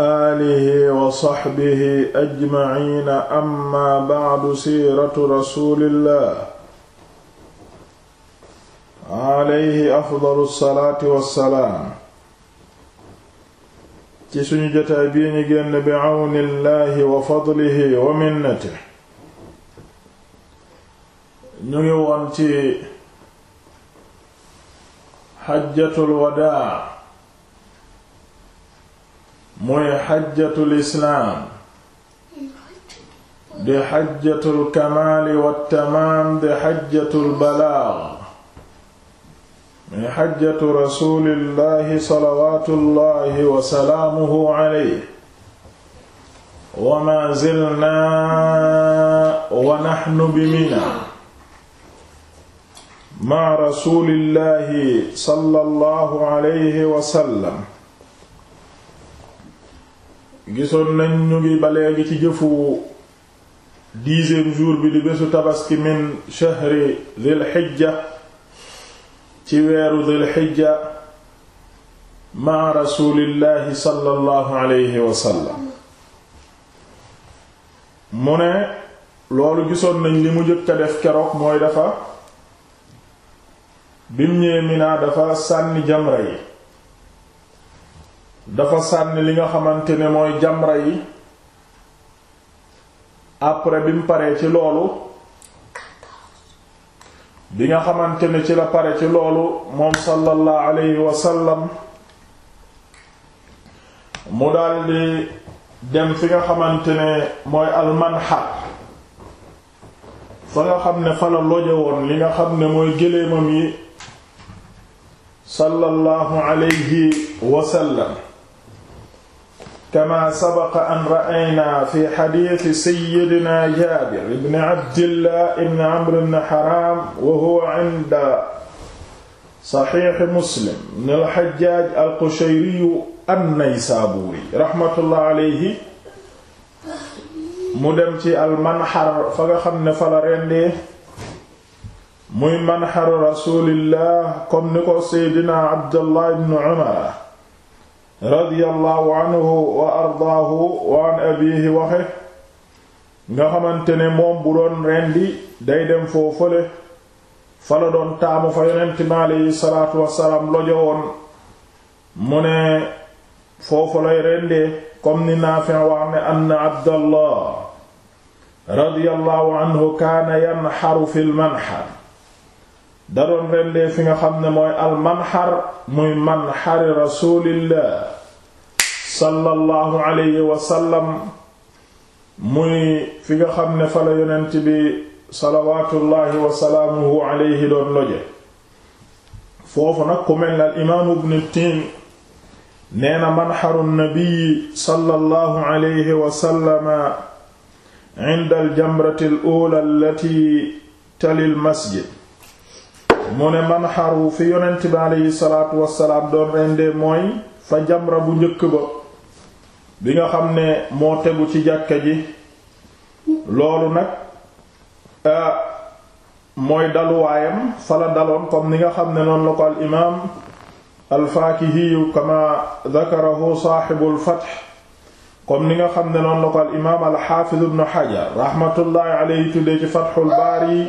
alihi wa saxbihi ajmaciina amma bacdu siiratu rasulillah alayhi afdalu salaati wassalaam ci suñu jotaay bii ñu génn bi cawni llahi wa fadlihi wa minnatihi ñu ngi woon ci xajjatul wadaa mooy xajjatul islaam di xajjatul kamaali wattamaam di xajjatul balaag muy xajjatu rasulillahi salawaatullahi wa salaamuhu alayhi wa maa zilnaa wa naxnu bi minaa ma'a rasulillahi sallallahu alayhi wa sallam gisoon nañ ñu ngi ba léegi ci jëfu dixième jour bi di bésu tabaski min shahri dhil hijja ci weeru dhil hijja ma rasulillahi sallallahu alayhi wa mu ne loolu gisoon nañ li mu jëkk def keroog mooy dafa bim ñëwee Mina dafa sànni jamra yi dafa sànni li nga xamante ne mooy jamra yi après bi mu paree ci loolu bi nga xamante ne ci la pare ci loolu moom sallallahu alayhi wa sallam mu daldi dem fi nga xamante ne mooy almanxar fa nga xam ne fa la loje woon li nga xam ne mooy géléemam yi sallallahu alayhi wa sallam kama sabaqa an ra'aynaa fi xadiisi sayyidinaa jaabir ibn abdillah ibn amr ibn haram wa huwa inda saxiixi muslim ibn al-hajjaaj al-qushayri an-naysaabuuri raxmatullahi alayhi mu dem ci al-manxar fa nga xam ne fa la rendee muy manxar rasuulillah comme ni ko sayyidinaa abdullah ibn umar radiyallahu anhu wa ardaahu wa an abiihi waxe nga xamante ne moom bu doon rendi day dem foofale fala doon taamu fa yonent mi aleyhi salaatu wasalaam lojo mu ne foofu lay rendee ni Naafi wax ne anna Abdallah radiyallahu anhu kaana yanxaru fil manxar da rendee fi nga xam ne mooy almanxar muy manxari rasulillah sallallahu alayhi wa sallam muy fi nga xam ne fa la bi salawatullahi wa alayhi doon loje foofu nag ku mel al imaamu ibn tin nee na manxaru nabii sallallahu alayhi wa sallama al ula allati tali al masjid mu ne man xaru fi yonent bi aleyhi salaatu wasalaam doon rendee mooy fa jamra bu njëkk ba bi nga xam ne moo tegu ci jàkka ji loolu nag mooy daluwaayam fala daloon comme ni nga xam ne noon la ko al imaam ni nga xam ne noonu la ko al imaam alxaafiz ibnu raxmatullaahi aleyhi ci fatxul baari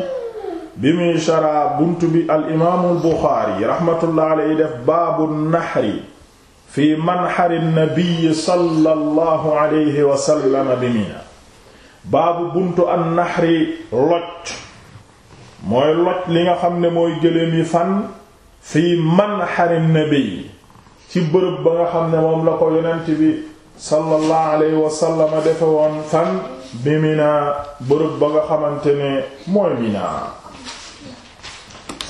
bi muy sara bunt bi al imaamu Buxaari raxmatullahi alayhi def baabu naxri fi man xari sallallahu alayhi wa sallam bi Mina baabu buntu an naxri loj mooy loj li nga xam ne mooy gëléem yi fan fi manxari nabiy ci bërëb ba nga xam ne moom la ko yonent bi sallallahu alayhi wa sallam defe woon fan bi Mina bërëb ba nga xamante ne mooy Mina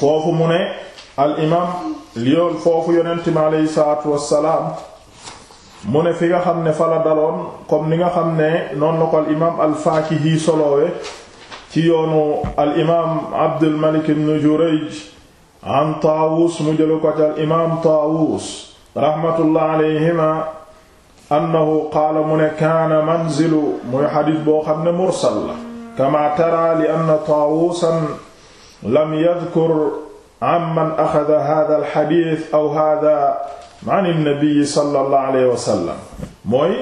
foofu mu ne al imam liyoon foofu yonent mi salaatu wassalaam mu ne fi nga xam ne fala daloon comme ni nga xam ne noonu ko al imam al faakihi soloowe ci yoonu al imam abdul malik ibn jurayj an taawus mu jëlu ko ci al imam taawus rahmatullah alayhima annahu qaala mu ne kaana manzilu muy xadis boo xam ne mursal la kama li anna taawusan lam yadkur amman axada hada alxadit aw hada an ilnabii sallallahu alayhi wa sallam mooy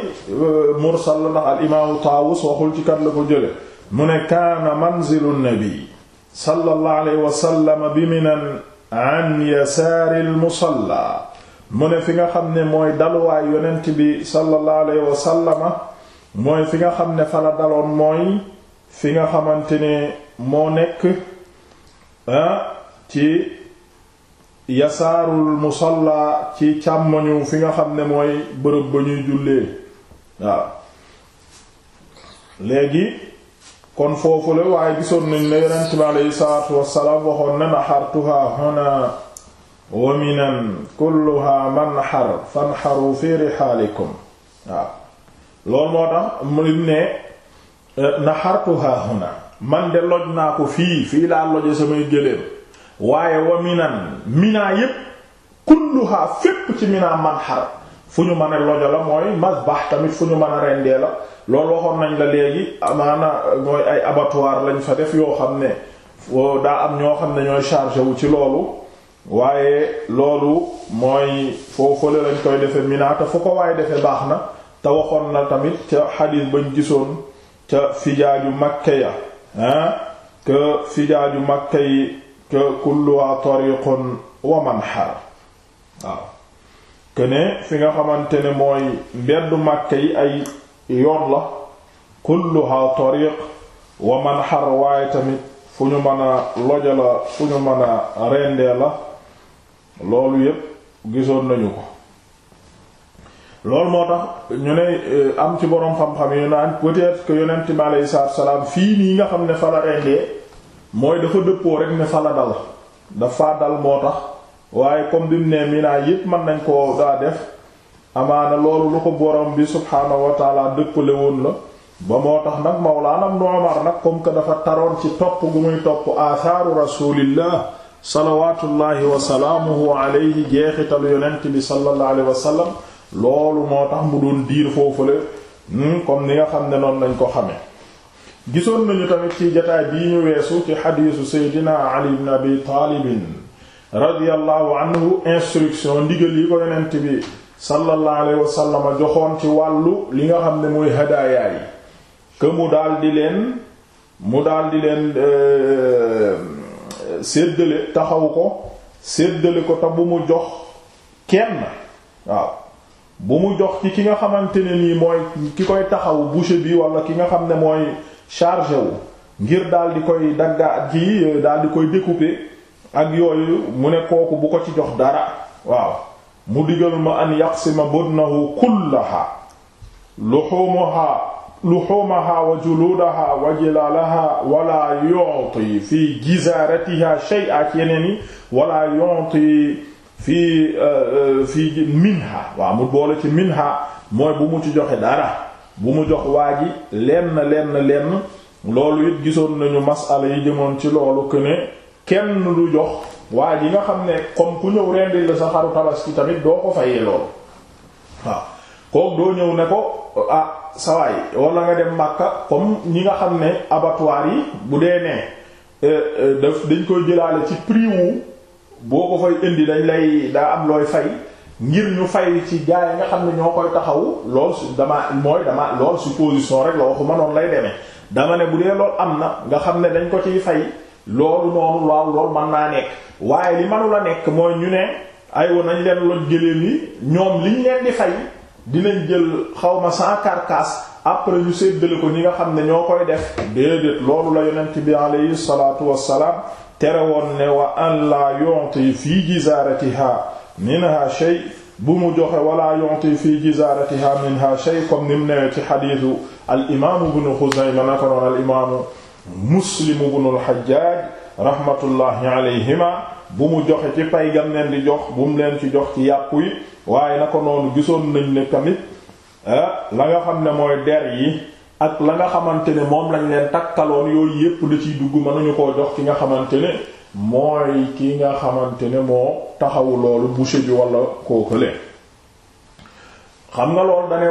mursal la ndax alimaamu taawus waxul ci kat la ko jële mu ne kaana manzilu nnabi sallallahu alayhi wa sallam bi minan an yasaari almusalla mu ne fi nga xam ne mooy dalwaay yonent bi sallallahu alayhi wa sallama mooy fi nga xam ne fala daloon mooy fi nga xamante ne moo nekk ci yasaarul musalla ci càmmoñu fi nga xam ne mooy bërëb ba ñuy jullee waaw léegi kon foofu la waaye gisoon nañ ne yonent bi aleyhi salaatu wassalaam waxoon na naxartuha huna wa minan kulluha manxar fanxaru fi rixaalikum waaw loolu moo tax mu ne naxartuha huna man de loj naa ko fii fii laa loje samay géléem waaye wa minan minaa yépp kulluhaa fépp ci minaa manxar fu ñu mën lojo la mooy masbah tamit fu ñu mën a rendee la loolu waxoon nañ la léegi amaana mooy ay abattoir lañ fa def yoo xam ne daa am ñoo xam ne ñooy chargé wu ci loolu waaye loolu mooy foofu lañ koy defe minaa te fu ko waaye defe baax na te waxoon na tamit ca xadiis bañ gisoon ca yu makke ya Ah, que fijaaju makka yi que kulluha tariqun wa manhar waaw que fi nga xamante ne mooy mbeddu makk yi ay yoon la kulluha tariq wa manhar waaye tamit fu ñu mën a loja la fu ñu mën a rendee la loolu yépp gisoon nañu ko loolu moo tax ñu ne euh, am ci boroom xam-xam yu naan peut-être que bi aleyhi salaatu salaam fii nii nga xam ne fala rendee mooy dafa dëppoo rek ne fala dal dafa dal moo tax waaye comme bimu ne mina yépp mën nañ koo daa def amaana loolu lu ko borom bi subhaanahu wa dëppale woon la ba moo tax nag laa Ibnu Umar nag comme que dafa taroon ci topp gu muy topp athaaru rasulillah salawatullahi wa salaamuhu alayhi jeexital yonent bi sallallahu alayhi wa loolu moo tax mu doon diir foofule hmm, comme ni nga xam ne noonu lañ ko xamee gisoon nañu tamit ci jataay bii ñu weesu ci xadiisu seydina ali ibn abi taalibin radiyallahu anhu instruction ndigal yi ko yonent bi sallallahu alayhi joxoon ci wàllu li nga xam ne mooy hadaaya yi que mu di leen mu di leen euh, séddale taxaw ko séddale ko te bu mu jox kenn waaw bu mu jox ci ki nga xamante ne nii mooy ki koy taxaw boucher bi wala ki nga xam ne mooy chargé wu ngir daal di koy daggaat ji daal di koy découper ak yooyu mu ne kooku bu ko ci jox dara waaw mu digal ma an yaqsima budnahu kullaha luhumaha luhumaha wa juludaha wa jilalaha wala yu'ti fi jizaratiha shay'a yeneen yi wala yu'ti fii euh, euh, fii minha waa mu boole ci minha mooy bu mu ci joxee dara bu mu jox waa ji lenn lenn lenn loolu it gisoon nañu masala yi jëmoon ci loolu que kenn du jox waa ji nga xam ne comme ku ñëw rendi la sa xaru tabaski tamit doo ko fayee loolu waaw kooku doo ñëw ne ko ah sawaay wala nga dem Makka comme ñi nga xam ne abattoir yi bu dee ne euh, daf dañ koy jëlaale ci prix boo ko fay indi dañ lay daa am looy fay ngir ñu fay ci yi nga xam ne ñoo koy taxawu lool su damaa mooy damaa lool supposition rek la waxuma noonu lay demee dama ne bu dee lool am na nga xam ne dañ ko ciy fay loolu noonu waaw loolu mën naa nekk waaye li manula nekk mooy ñu ne aywa nañ leen loj gëléem yi ñoom liñ leen di fay dinañ jël xaw ma xawma sans carcasse après ñu séddale ko ñi nga xam ne ñoo koy def déedéet loolu la yonent bi alayhi salaatu tere woon ne wa an laa yu'ti fii jizaaratiha minha shay bu mu joxe wala yu'ti fii jizaaratiha minha shay comme ni mu newee ci xadiisu al imaamu ibnu Xuzayma naka noonu al imaamu Muslim ibnu al-Hajjaaj rahmatullahi alayhima bu mu joxe ci pay gam leen di jox bu mu leen ci jox ci yàpp yi waaye naka noonu gisoon nañ ne tamit eh, la nga xam ne mooy der yi ak la nga xamante ne moom lañ leen takkaloon yooyu yépp da ciy dugg mënuñu koo jox ci nga xamante ne mooy ki nga xamante ne moo taxawu loolu boucher bi wala kookale xam nga lool dane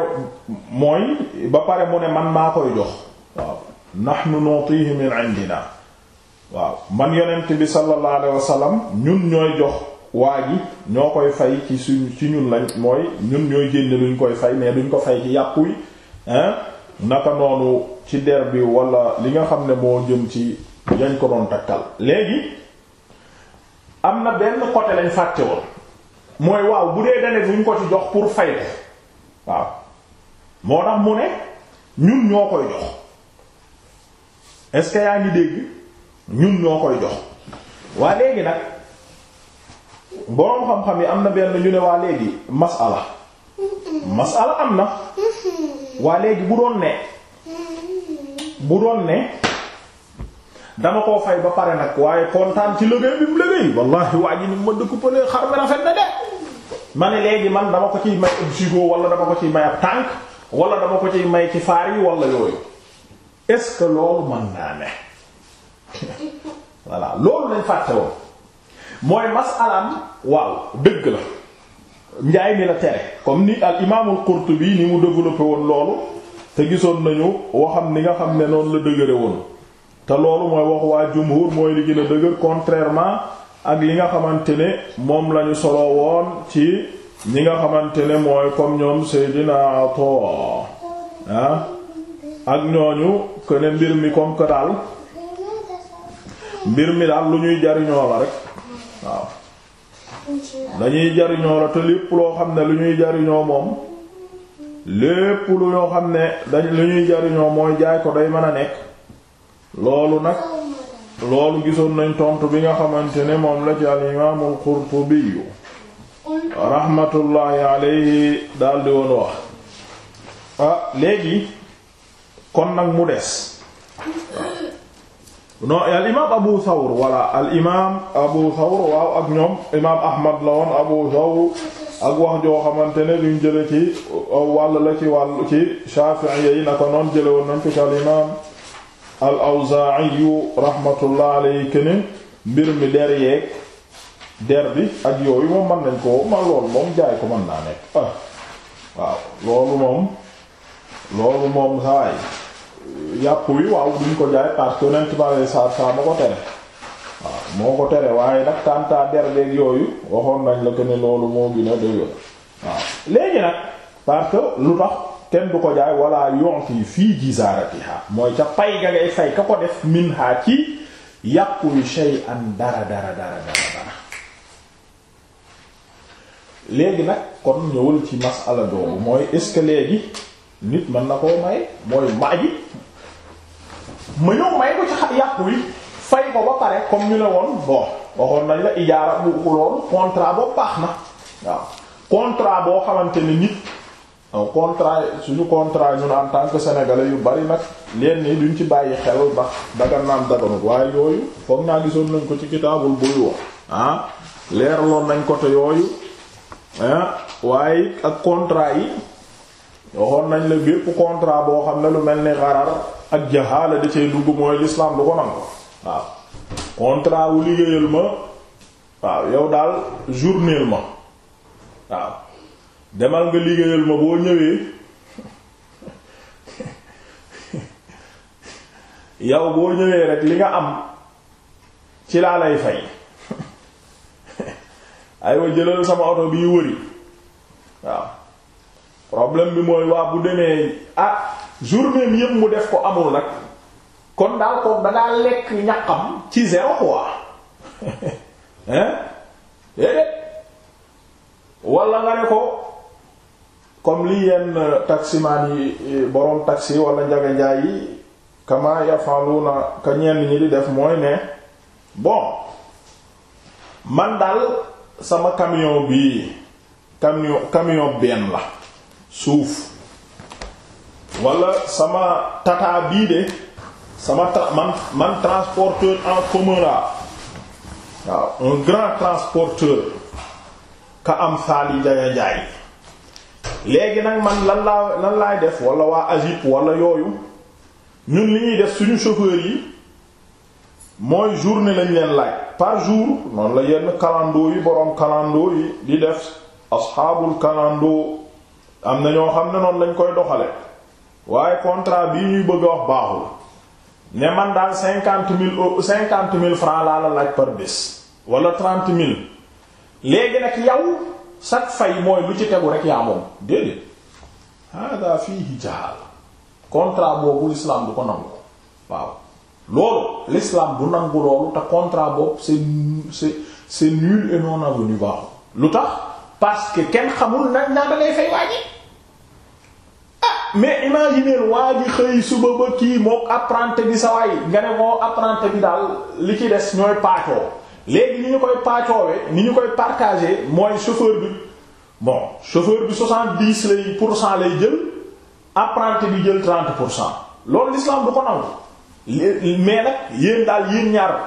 mooy ba pare mu ne man maa koy jox waaw nahnu nutihi min indina waaw man yonent bi sallallahu alayhi wasallam ñun ñooy jox waa ji ñoo koy fay ci suñ ci ñun lañ mooy ñun ñooy génne luñ koy fay mais duñ ko fay ci yàpp hein naka noonu ci der bi wala li nga xam ne moo jëm ci yañ ko doon takkal léegi am na benn côté lañ fàtte woon mooy waaw bu dee dane buñ ko ci jox pour fay ko waaw moo tax mu ne ñun ñoo koy jox est yaa ngi dégg ñun ñoo koy jox waa léegi nag boroom xam-xam yi am na benn ñu ne waa léegi masala masala am na waa léegi bu doon ne bu doon ne dama koo fay ba pare nag waaye kontaan ci liggéey bi mu wallahi waa ji ni ma découper xar mi rafet na de ma ne léegi man dama ko ciy may ab jugo wala dama ko ciy may ab tànk wala dama ko ci may ci faar yi wala yooyu est-ce que loolu mën naa ne voilà loolu lañ fàtte woon mooy masalaam waaw dëgg la njaay mi la tere comme ni al imaamul Qurtubi ni mu développé woon loolu te gisoon nañu waxam ni nga xam ne noonu la dëgëre woon te loolu mooy wax waa jumhur mooy li gën dëgër contrairement ak li nga xamante ne moom lañu solo woon ci ñi nga xamante ne mooy comme ñoom Seydina Ato ah ak ñooñu que ne mbir mi comme que daal mbir mi daal lu ñuy jariñoo la rek waaw dañuy jariñoo la te lépp loo xam ne lu ñuy jariñoo moom lépp lu ñoo xam ne dañ lu ñuy jariñoo mooy jaay ko day mën a nekk loolu nag loolu gisoon nañ tontu bi nga xamante ne moom la ci al bi Qurtubi rahmatullahi alayhi daldi woon wax ah léegi kon nag mu des non al imaam Abu Thawr walla al imaam Abu Thawr waaw ak ñoom imaam Ahmad la woon Abu Thawr ak wax joo xamante ne luñ jële ci euh, wàll la ci wàll ci Shafi'i yi naka noon jële woon nañ ko ci al imaam al Awzaa'i rahmatullah alayhi kene mbir mi der yeeg der bi ak yooyu moom mën nañ ko man loolu moom jaay ko mën naa nekk ah, waaw loolu moom loolu moom saay yàpp wi waaw duñ ko jaay parce que yonent bi alei saatu salaam ma ko tere waaw moo ko tere waaye nag tàntaa derbeeg yooyu waxoon nañ la ko ne loolu moo gën a dëgg waaw léegi nag parce que lu tax kenn du ko jaay wala yonti fii jizaaratiha mooy ca pay ga ngay fay ka ko def min ha ci yàpp wi shay'an dara dara dara dara dara léegi nag kon ñëwul ci masala doobu mooy est-ce nit mën na koo may mooy maaji ma ñëw may ko ci xar yàqu yi fay ko ba pare comme ñu la woon bon waxoon nañ la ijaara bu loolu contrat boobu baax na waaw contrat boo xamante ni nit un contrat suñu contrat ñun en tant que sénégalais yu bari nag leen ni duñ ci bàyyi xel ndax dagan naam daganut waaye yooyu foog naa gisoon nañ ko ci kitaabul buy wax ah leer nañ ko te yooyu ah, waaye ak contrat yi waxoon nañ la bépp contrat boo xam ne lu mel ni xarar ak jaxaala da cay dugg mooy l'islam du ko nangu waaw contrat wu liggéeyal ma waaw yow daal journeel ma waaw demal nga liggéeyal ma boo ñëwee yow boo ñëwee rek li nga am ci laa lay fay aywa jëlal sama oto bii wëri waaw problème bi mooy waa bu demee ah journée mi yëpp mu def ko amul nag kon daal ko dangaa lekk ñaqam ci zéro quoi hein déedéet nga ne ko comme li yenn taximaan yi borom taxi wala njaga njaay yi kama yafaluna ka ñenn ñi di def mooy ne bon man daal sama camion bi camion camion benn la suuf wala sama tata bii de sama ta man man transporteur en commun la waaw un grand transporteur ka am saali jaya njaay léegi nag man lan laa lan laay def wala waa agip wala yooyu ñun li ñuy def suñu chauffeur yi mooy journée lañ leen laaj par jour noonu la yenn calando yi boroom calando yi di def asxaabul calando am na ñoo xam ne noonu lañ koy doxale waaye contrat bi ñuy bëgg wax baaxul ne man daal cinquante mille o cinquante mille francs laa la laaj par bés wala trente mille léegi nag yow sag fay mooy lu ci tegu rek yaa moom déedéet hada fiihi jahaal contrat boobu l'islam du ko nangu waaw loolu l'islam du nangu loolu te contrat boobu c'est c'est c'est nul et non avenu baaxul lu tax parce kenn xamul nag naa da lay fay waaji mais imaginer waa ji xëy suba ba kii mook apprenti bi sa waay nga ne moo apprenti bi daal li ci des ñooy paacoo léegi ni ñu koy paacoowe ni ñu koy partagé mooy chauffeur bi bon chauffeur bi soixante-dix lay pour cent lay jël apprenti bi jël trent pour cent loolu l'islam du ko nangu mais nag yéen daal yéen ñaar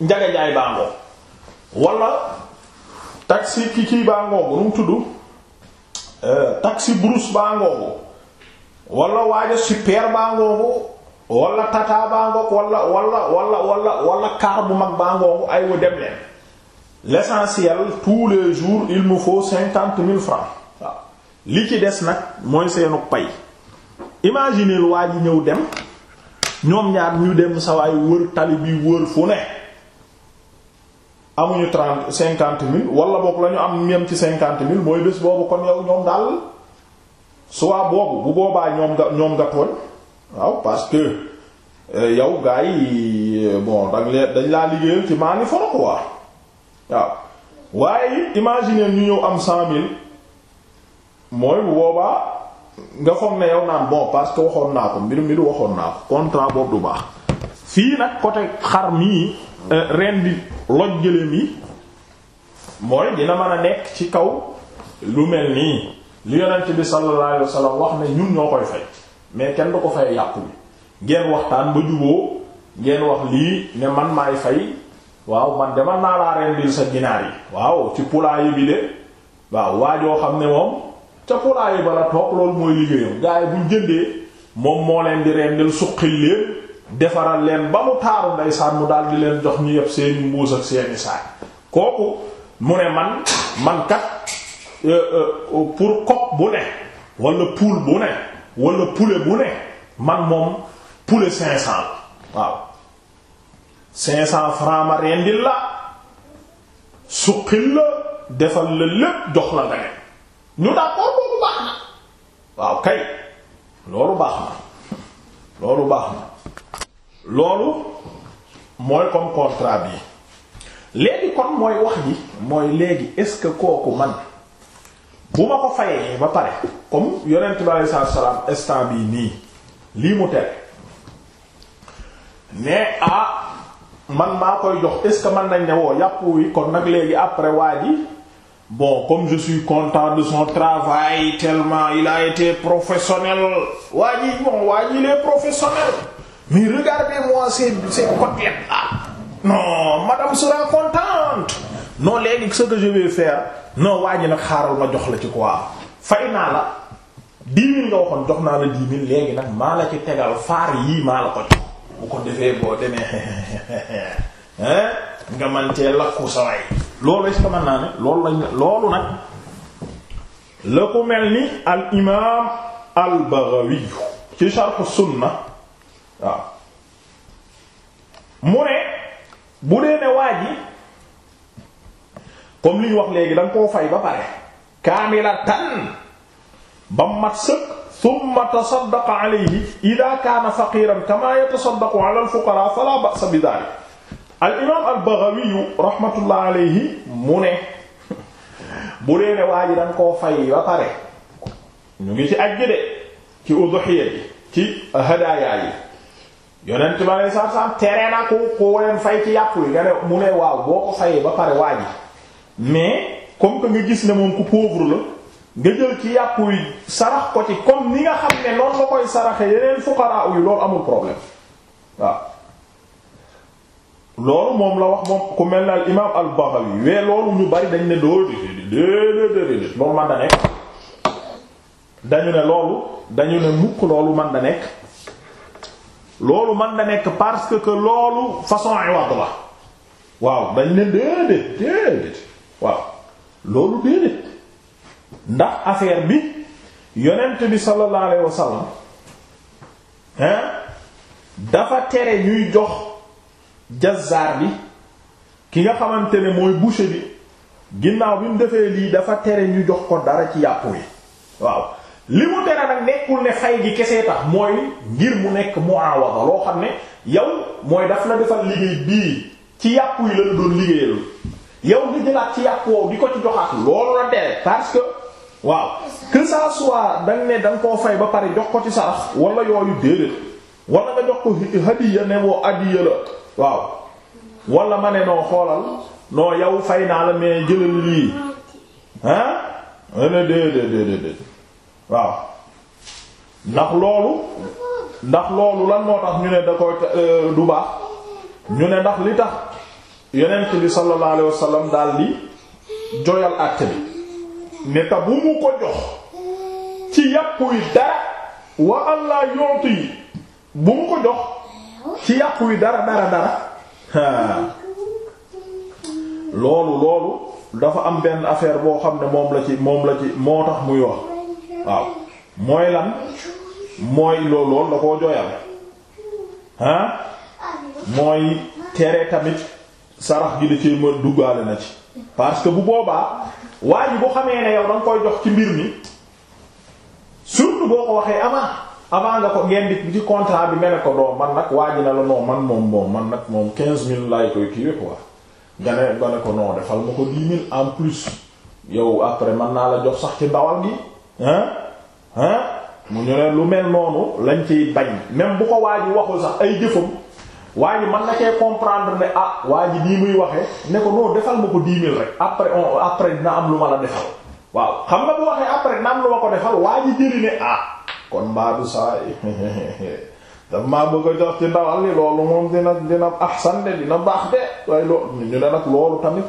njaga jaay baa ngoog wala taxi ki kii baa ngoogu nu tudd euh, taxi brousse baa ngoogu wala waaja super baa ngoogu walla tata baa ngoog wala walla wala wala wala bu mag baa ngoogu ay wa dem leen l'essentiel tous les jours il faut cinquante mille francs li ci des nag mooy seenu pay imaginez waa ji ñëw dem ñoom ñaar ñu dem sawaay wër tali bi wër fu ne amuñu trente cinquante mille wala boog la ñu am ñem ci cinquante mille mooy bés boobu kon yow ñoom daal soit boobu bu boobaa ñoom nga ñoom nga tooñ waaw parce que eh, yow gars yi eh, bon dañ leen dañ laa liggéeyal ci maa ni foro waaw waaye imaginer ñu ñëw am cent mille mooy bu boobaa nga foog ne yow naan bon parce que waxoon naa ko mbir mbir waxoon naa ko contrat boobu du baax fii nag côté xar mii eh, ren di loj gëléem yi mooy dina mën a nekk ci kaw lu mel nii li yonent bi sallallahu alayhi wasallam wax ne ñun ñoo koy fay mais kenn du ko fay yàpp bi ngeen waxtaan ba juboo ngeen wax lii ne man maay fay waaw man de man naa laa rendil sa ginaar yi waaw ci poulailler bi de waaw joo xam ne moom ca poulailler ba la toog loolu mooy liggéeyam gaa buñ jëndee moom moo leen di rendil suqil leen defaral leen ba mu taaru ndeysaan mu daal di leen jox ñu yëpp seeni mbuus ak seeni saay kooku mu ne man man kat Euh, euh, euh, pour coq bu ne wala poule bu ne wala poulet bu ne man moom poulet cinq cent waaw cinq cent francs ma rendil la suqil la defal la lépp jox la nga ne ñu d'accord loolu baax na waaw kay loolu baax na loolu baax na loolu mooy comme contrat bi léegi kon mooy wax ji mooy léegi est-ce que kooku man bu ma ko fayee ba pare comme yonent bi alei salaatu salaam instant bii nii lii mu tere ne ah man maa koy jox est man nañ ne woo yàpp wi kon nag léegi après waa ji bon comme je suis content de son travail tellement il a été professionnel waa ji bon waa ji il est professionnel mais regardez-moi ces ces côtelettes là non madame sera contente non léegi ce que je vais faire non waa ji nag xaaral ma jox la ci quoi fay naa la dix mille nga waxoon jox naa la dix mille léegi nag maa la ci tegal faar yii maa la ko jox bu ko defee boo demee nga man cee lakku sa loolu est-ce que naa ne loolu nag la ku mel ni al imaam al Baghawi ci sharh sunna waaw mu ne bu dee ne waa ji comme li ñu wax léegi da nga koo fay ba pare kaamilatan ba mat sëkk thumma tasaddaqa alayhi ida kaana faqiran kama yatasaddaqu ala al-fuqara fala ba'sa bi dhalik al-imam al-Baghawi rahmatullah alayhi mu ne bu dee ne waa ji da nga koo fay ba pare ñu ngi ci ajj de ci udhiya yi ci hadaaya yi yonent bi alei satu selaam tere na ku ku leen fay ci yàpp yi nga ne mu ne waaw boo ko fayee ba pare waa ji mais comme que nga gis ne moom ku pauvre la nga jël ci yàqu yi sarax ko ci comme ni nga xam ne loolu nga koy saraxe yeneen fuqara yi loolu amul problème waaw loolu moom la wax moom ku mel ne al imaam al Baghawi wee loolu ñu bari dañ ne doo déedéedéedéet loolu man da nekk dañu ne loolu dañu ne mukk loolu man nekk loolu man da nekk parce que loolu façon iwad dañ ne waaw loolu déedéet ndax affaire bi yonent bi sallallahu alayhi wasallam dafa tere ñuy jox jazar bi ki nga xamante ne mooy boucher bi ginnaaw bi mu defee lii dafa tere ñu jox ko dara ci yàpp wi waaw li mu tere nag nekkul ne fay gi kese tax mooy ngir mu nekk muawada loo xam ne yow mooy daf la defal liggéey bii ci yàpp yi la doon liggéeyal yow nga jëlaat ci yàpp woow di ko ci joxaat loolu la tere parce que waaw que ça soit ne da koo fay ba pare jox ko ci sarax wala yooyu déedéet wala nga jox ko hadiya ne woo adiya la waaw wala ma ne noo xoolal non yow fay naa la mais jëlal lii ah ana déedéet déedéet waaw ndax loolu ndax loolu lan moo tax ñu ne da ko euh, du baax ñu ne ndax li tax yonent bi sallallahu alayhi daal di joyal àtte bi ne ta bu mu ko jox ci yàppuy dara dara dara dara loolu loolu dafa am benn affaire boo xam ne moom la ci moom la ci moo tax muy wax waaw mooy lan mooy loolu loolu da koo joyal mooy tere tamit sarax gi da ci mën duggaale na ci parce que bu boobaa waa ji boo xamee ne yow da koy jox ci mbir mi surtout boo ko waxee avant avant nga ko ngeen di ci contrat bi mel ko doo man nag waa na la non man moom moom man nag moom 15000 laay koy kiiwee quoi nga ne nga ne ko non defal ma ko 10 000 en plus yow après mën naa la jox sax ci ndawal gi hein hein mu ñu ne lu mel noonu lañ ciy bañ même bu ko waa ji waxul sax ay jëfam. waa ji man na cee comprendre ne ah waa ji nii muy waxee ne ko non defal ma ko dix mille rek après on après dina am lu ma la defal waaw xam nga bu waxee après dina am lu ma ko defal waa ji jëli ne ah kon mbaadu saa daf maa bëgg a jox ci ndawal li loolu moom dina dina ahsan de dina baax de waaye loolu ñu ne nag loolu tamit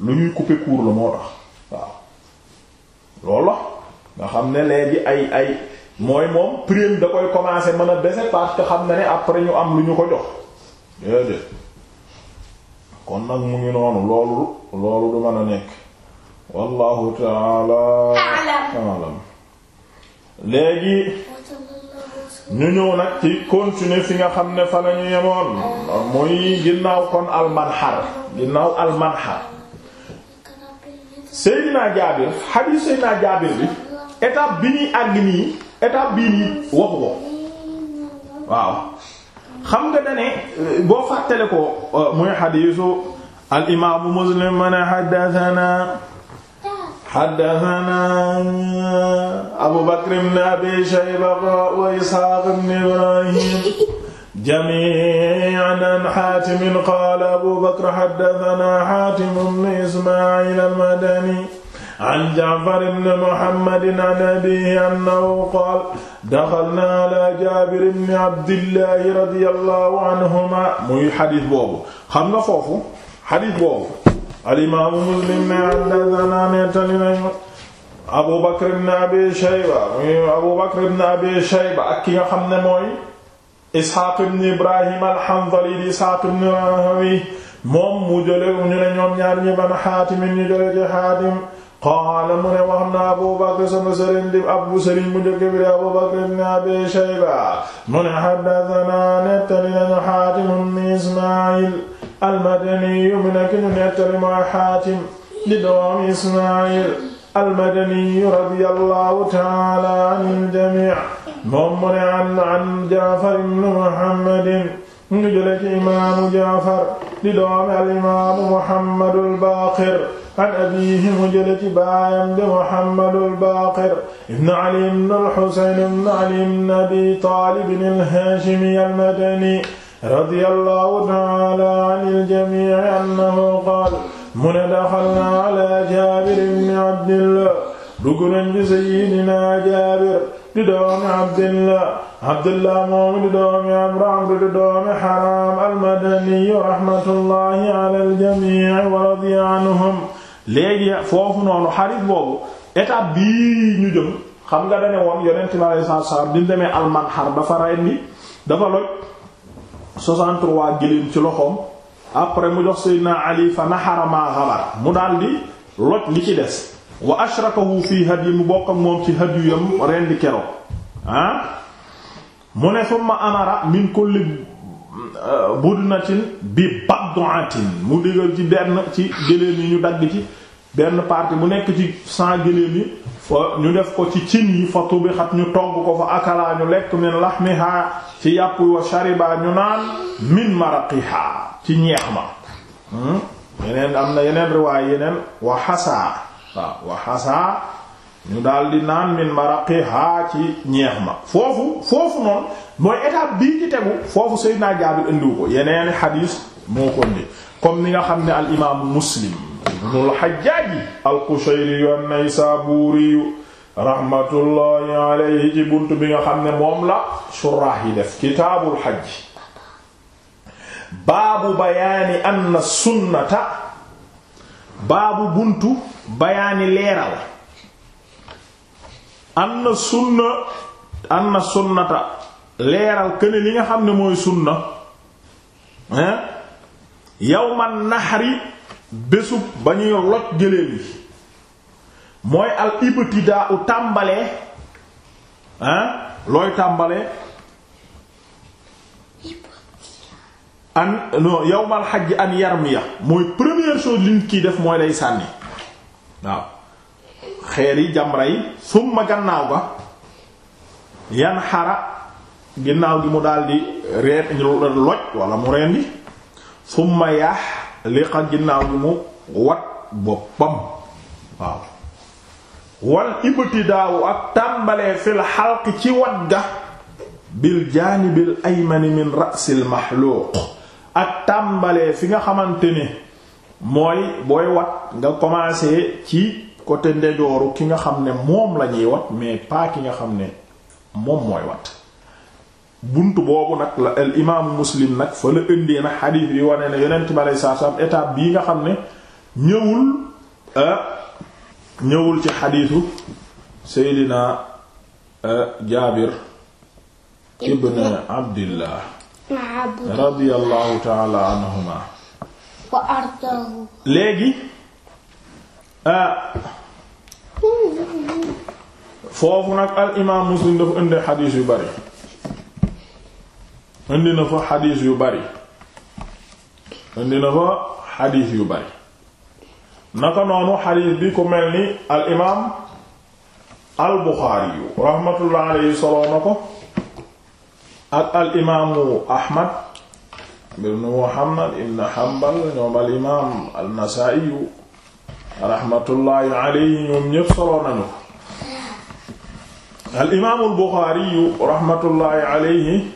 lu ñuy couper court la moo tax waaw loolu la nga xam ne léegi ay ay mooy moom prime da koy commencer mën a dese parce que xam na ne après ñu am lu ñu ko jox déedéet kon nag loolu du mën a nekk wallahu taala léegi ñu ñëw nag ci continuer fi nga xam ne fa la ñu yemoon muy ginnaaw kon almanxar ginnaaw almanxar Seydina Jaabir xadiis Seydina Jaabir bi étape bi ñuy àgg nii étape bii nii waxu ko waaw xam nga dane boo fàttale ko euh, muy xadiisu al imaamu muslim mu ne xaddasanaa xaddasanaa abu bakr ibn abi shayba wa isxaaq ibn ibrahim jamii'an an xaatimin qaala abu bakr xaddasanaa xaatim ibn ismaa'iil al madani an Ja'far ibn Muhammad an abiihi annahu qaala daxalnaa alaa Jaabir ibn Abdillahi radiyallahu anhumaa muy xadiis boobu xam nga foofu xadiis boobu alimaamu Muslim ne haddasanaa nettali nañu Abu Bakr ibn Abi Shayba muy Abu Bakr ibn Abi Shayba ak ki nga xam ne mooy Isxaaq ibn Ibrahim al-Hanzali di Isxaaq ibn Rahawi moom mu jële ñu ne ñoom ñaar ñi ban Xaatim ñu jële ci Xaatim qaala mu ne wax na Abu Bakr sama sëriñ di Abu sëriñ mu njëkk bi di Abu Bakr ibn Abi Shayba mu ne haddathana nettali nañu Haatim ibn Ismaa'il al-Madani mu ne ki ñu nettali mooy Haatim di doomi Ismaa'il al-Madani radiyallahu ta'ala anil jamii' moom mu ne an an Jaafar ibn Muhammadin ñu jële ci imaamu Jaafar di doomi al-imaamu Muhammadul Baaqir an abiihi mu jële ci baayam de Muhammadul Baaqir ibn Ali ibn al-Husayn ibn Ali ibn Abi Taalib al-Haashimi al-Madani radiyallahu ta'ala anil jamii annahu qaala mu ne daxalnaa ala Jaabir ibn Abdillah dugg nañ ci sayyidina Jaabir di doomi Abdillah Abdillah moom di doomi Amr, Amr di doomi Haraam al-Madani rahmatullahi ala al-jamii wa radiya anhum léegi foofu noonu xarit boobu étape bii ñu jëm xam nga dane woon yonent bi alayhi salaatu salaam di demee almanxar dafa rendi dafa loj 63 ci loxoom après mu jox Seydina Ali fa naxara ma xabara mu daldi loj li ci des wa ashrakahu fii hadyi mu bokk ak moom ci hadyu yam rendi keroog ah mu ne summa amara min kulli euh, budnatin bi qat'atin mu digal ci benn ci gëléem yi ñu dagg ci benn partie bu nekk ci cent gëléem yi fa ñu def ko ci cin yi fa tubixat ñu togg ko fa akalaa ñu lekk min lahmiha ci yàpp wa shariba ñu naan min maraqiha ci ñeex ma hmm? am na yeneen riwaay yeneen ñu daal di naan min ci ñeex ma foofu foofu noonu mooy étape bii ci tegu foofu Seydina Jaabir indiwu ko yeneeni xadiis moo ko ni comme ni nga xam ne al imaamu muslim ibnul xajjaaji al qushayri yu an naysaburi yu rahmatullahi alayhi ci bunt bi nga xam ne moom la suraax yi def kitaabul xaj baabu bayaani anna sunnata baabu buntu bayaani leeral anna sunna anna sunnata leeral këne li nga xam ne mooy sunna yawman nahri bésu ba ñuy loj gëléem yi mooy al ibtidaa u tàmbalee looy tàmbalee an non yawmal hajj an ya mooy première chose li nit kiy def mooy day sànni waaw xeer yi jamra yi summa gannaaw ba yan xara ginnaaw gi mu daldi reen loj wala mu rendi summa yaxliqa ginnaaw bi mu wat boppam waaw wal ibtidaawu ak tàmbalee fil xalqi ci wat ga bil jaanibil aymani min rasil maxluuq ak tàmbalee fi nga xamante ni mooy booy wat nga commencé ci côté ndejooru ki nga xam ne moom la ñuy wat mais pas ki nga xam ne moom mooy wat bunt boobu nag la al imaamu muslim nag fa la ëndee nag xadiis bi wane ne yonent bi aleyhi salaatu salaam étape bii nga xam ne ñëwul ah, ñëwul ci xadiisu seydina ah, jaabir ibn abdillah radiyallahu taala anhuma léegi ah, foofu nag al imaam muslim dafa ëndee xadiis yu bari indi na fa xadiis yu bari na fa yu bari naka noonu xadiis bi ku mel ni al imaam al buxaari yu raxmatullah na ko ak al imaamu ahmad ibnu muhammad ibn hanbal ñoom al imaam al nasaa'i raxmatullahi alayhi ñépp soloo nañu ko al imaamul buxaari raxmatullahi alayhi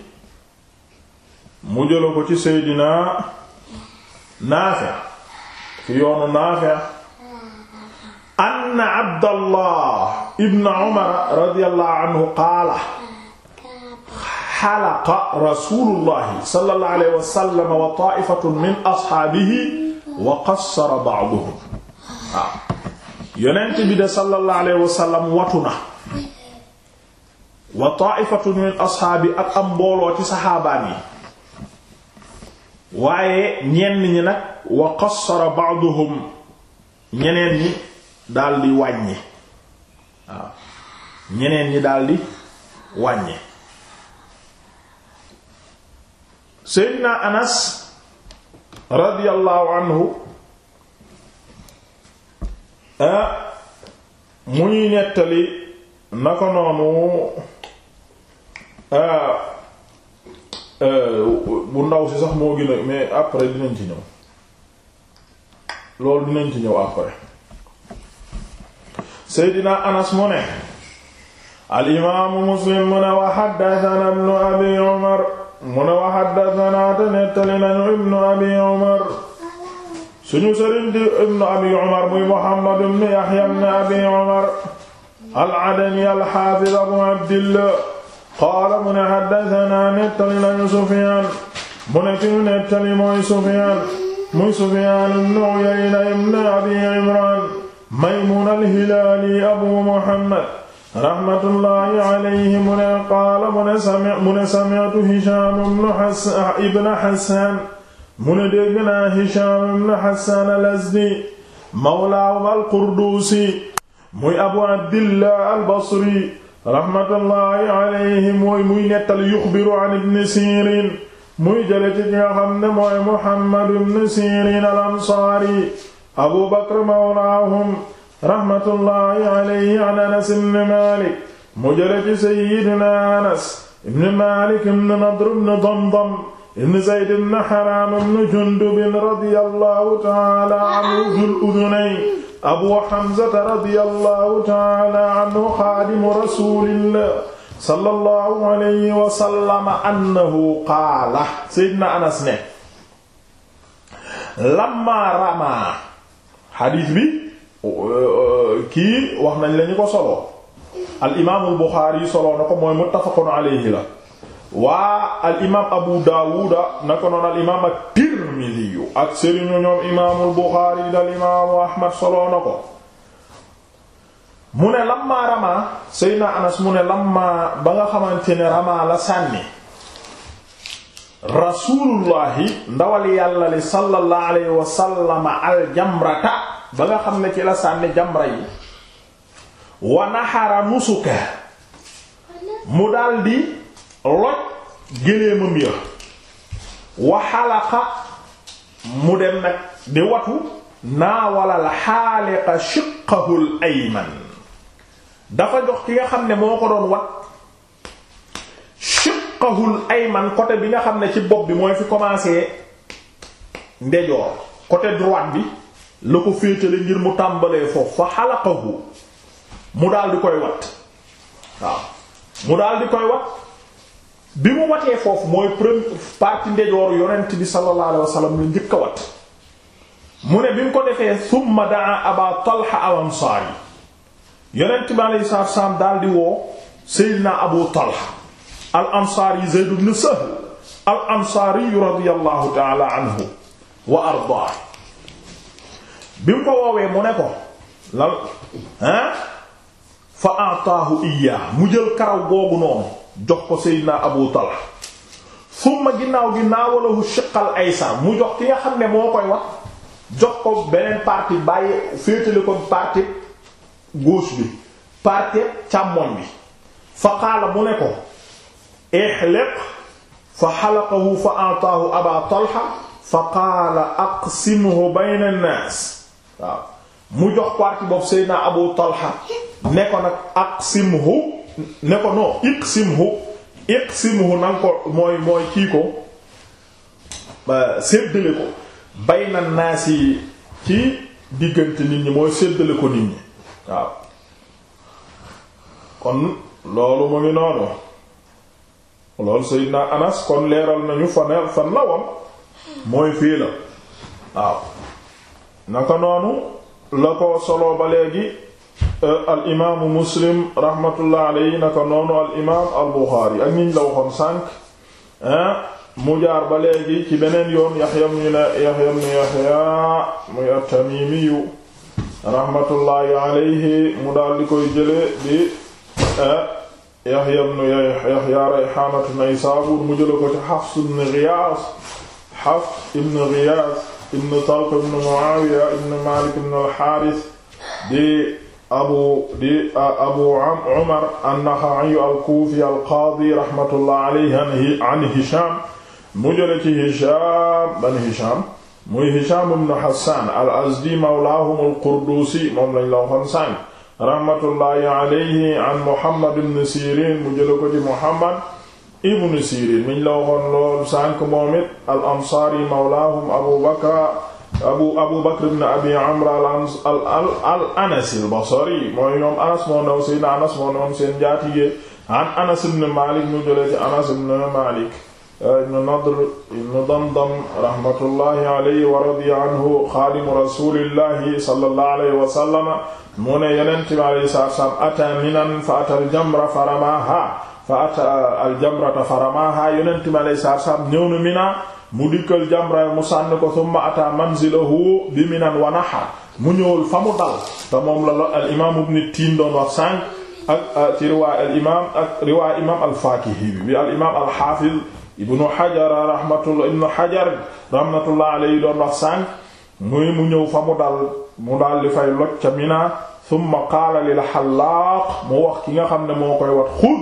mu jëla ko ci seydinaa naafi ci yoonu naafi anna abdallah ibn umar radiyallahu anhu qaala xalaqa rasulullahi sallallahu alayhi wa sallam wa taa'ifatun min ashaabihi wa qassara ba'duhum waaw yonent bi de sallallahu alayhi wa sallam watu na wa taa'ifatun min ashaabi ak am mbooloo ci saxaabaan yi waaye ñenn ñi nag wa qassara ba'duhum ñeneen ñi daldi wàññi waaw ñeneen ñi daldi Anas radiyallahu anhu ah, mu ñuy nettali na ko noonu ah, Euh, bu ndaw si sax après dinañ ci ñëw loolu dinañ ci ñëw après Seydina Anas mu ne alimaamu Muslim mu ne wa haddathana ibnu abi Umar mu ne wa haddathana te nettali nañu ibnu abi Umar suñu sëriñ di ibnu abi Umar muy Muhammad ibnu Yahya ibnu abi Umar al-Adani al-Hafiz Abu Abdillah qaala mu ne haddasanaa nettali lañu Sufyaan mu ne kiñu nettali mooy Sufyaan muy Sufyaan ibn Uyayna ibn Abi Imraan Maymuun al-Hilaali Abu Muhammad rahmatullahi alayhi mu ne qaala mu ne sami mu ne sami'tu Hishaam ibn Hassaan mu ne dégg naa Hishaam ibn Hassaan al-Azdi mawlaa al-Qurduusi muy Abu Abdillah al-Basri raxmatullaahi alayhi mooy muy nettal yuxbiru an ibn siiriin muy jële ci nga xam ne mooy muhammad ibn siiriin al ansaari abu bakr mawlaahum raxmatullaahi alayhi an anas ibn maalik mu jële ci sayyidina anas ibn maalik ibn nadr ibn damdam ibn Zayd ibn Haraam ibn Jundub radiyallahu ta'ala anhu dhul udhunayn Abu Hamza radiyallahu ta'ala anhu xaadimu rasulillah sallallahu alayhi wa sallam annahu qaala Seydina Anas ne lamma rama xadiis bi kii wax nañ la ñu ko solo al imaamul Buxaari yi solo na ko mooy muttafaqun alayhi la waa al imaam Abu Daawuda naka noonu al imaam at-Tirmidhi ak sëriñu ñoom imaamul Buxaari dal imaamu Ahmad soloo na ko mu ne lammaa ramaa Seydina Anas mu ne lammaa ba nga xamante ne ramaa la sànni rasuulullahi ndawal yàlla li sallallahu alayhi wa sallama al jamrata ba nga xam ne ci la sànni jamra yi wa naxara nusuka mu daldi loj géléemam ya waxalaqa mu dem nag di watu naawalal xaaliqa shiqahul ayman dafa jox ki nga xam ne moo ko doon wat ay man côté bi nga xam ne ci bopp bi mooy fi commencé ndejoor côté droite bi la ko féetale ngir mu tàmbalee foofu fa xalaqahu mu daal di koy wat waaw mu daal di koy wat bi mu watee foofu mooy première partie ndeyjoor yonent bi sallallahu alayhi wasallam la mu ne bi mu ko defee summa daa aba talha al ansaari yonent bi alayhi salaatu wasallam daal di woo seydina abu talha al ansaari zayd ibn sahl al ansaari radiyallahu ta'ala anhu wa ardaa bi mu ko woowee mu ne ko lal ah fa ataahu iyaa mu jël karaw googu noonu jox ko Seydina Abu Talha summa ginnaaw gi naawalahu shiqal aysar mu jox ki nga xam ne moo koy wax jox ko beneen partie bàyyi féetale ko partie gauche bi partie càmmoon bi fa qaala mu ne ko ihliq fa xalaqahu fa ataahu aba talha fa qaala aqsimhu bayna naas mu jox partie boobu Seydina Abu Talha ne ko nag aqsimhu ne ko non iqsimhu iqsimhu na nga ko mooy mooy kii ko séddale ko bayna naas yi ci diggante nit ñi mooy séddale ko nit ñi waaw kon loolu mu ngi noonu loolu Seydina Anas kon leeral nañu fan fan la woon mooy fii la waaw naka noonu la ko solo ba léegi Euh, al imaamu muslim rahmatullah alayhi naka noonu al imaam al buxaari ak ñiñ mu jaar ba léegi ci beneen yoon yaxya ibn yaxya ibn yaxya mu daal di koy jële di yaxya ibn mu jële ko ci giyaas xafs ibn giyaas ibn talq ibn muawiya ibn malik ibn al di abu di abu umar an-Naxa'i al-Kufi al-Qadi rahmatullah alayhi an Hisham mu jële ci Hisham ban Hisham muy Hisham ibn Hassan al-Azdi mawlahum al-Qurdusi moom lañ la waxoon sànq rahmatullahi alayhi an Muhammad ibn Sirin mu jële ko ci Muhammad ibn Sirin miñ la waxoon lool sànq moom it al-Ansari mawlahum Abu Bakr abu abu bakr ibn abi amr al al anas al basri mooy ñoom anas moo new seen anas moo noon seen jaatige an anas ibn malik ñu jëlee ci anas ibn malik ibn nadr ibn damdam rahmatullahi alayhi wa radiya anhu xaadimu rasulillahi sallallahu alayhi wa sallam mu ne yeneen ci alayhi salaam ata minan fa ata al jamra faramaha fa ata al jamrata faramaha yeneen ci alayhi salaam ñëw na mina mu dikkal jamra mu sànni ko summa ata manzilahu bi minan wa nahar mu ñëwul fa mu la la al imaam doon wax sànq ak uh, ci riwaay al imaam ak al Faakihi al imaam al Haafiz ibnu Hajar wax sànq muy mu ñëw fa mu dal mu daal di fay loj Mina summa qaala lil hallaaq mu wax ki nga xam ne moo koy wat xul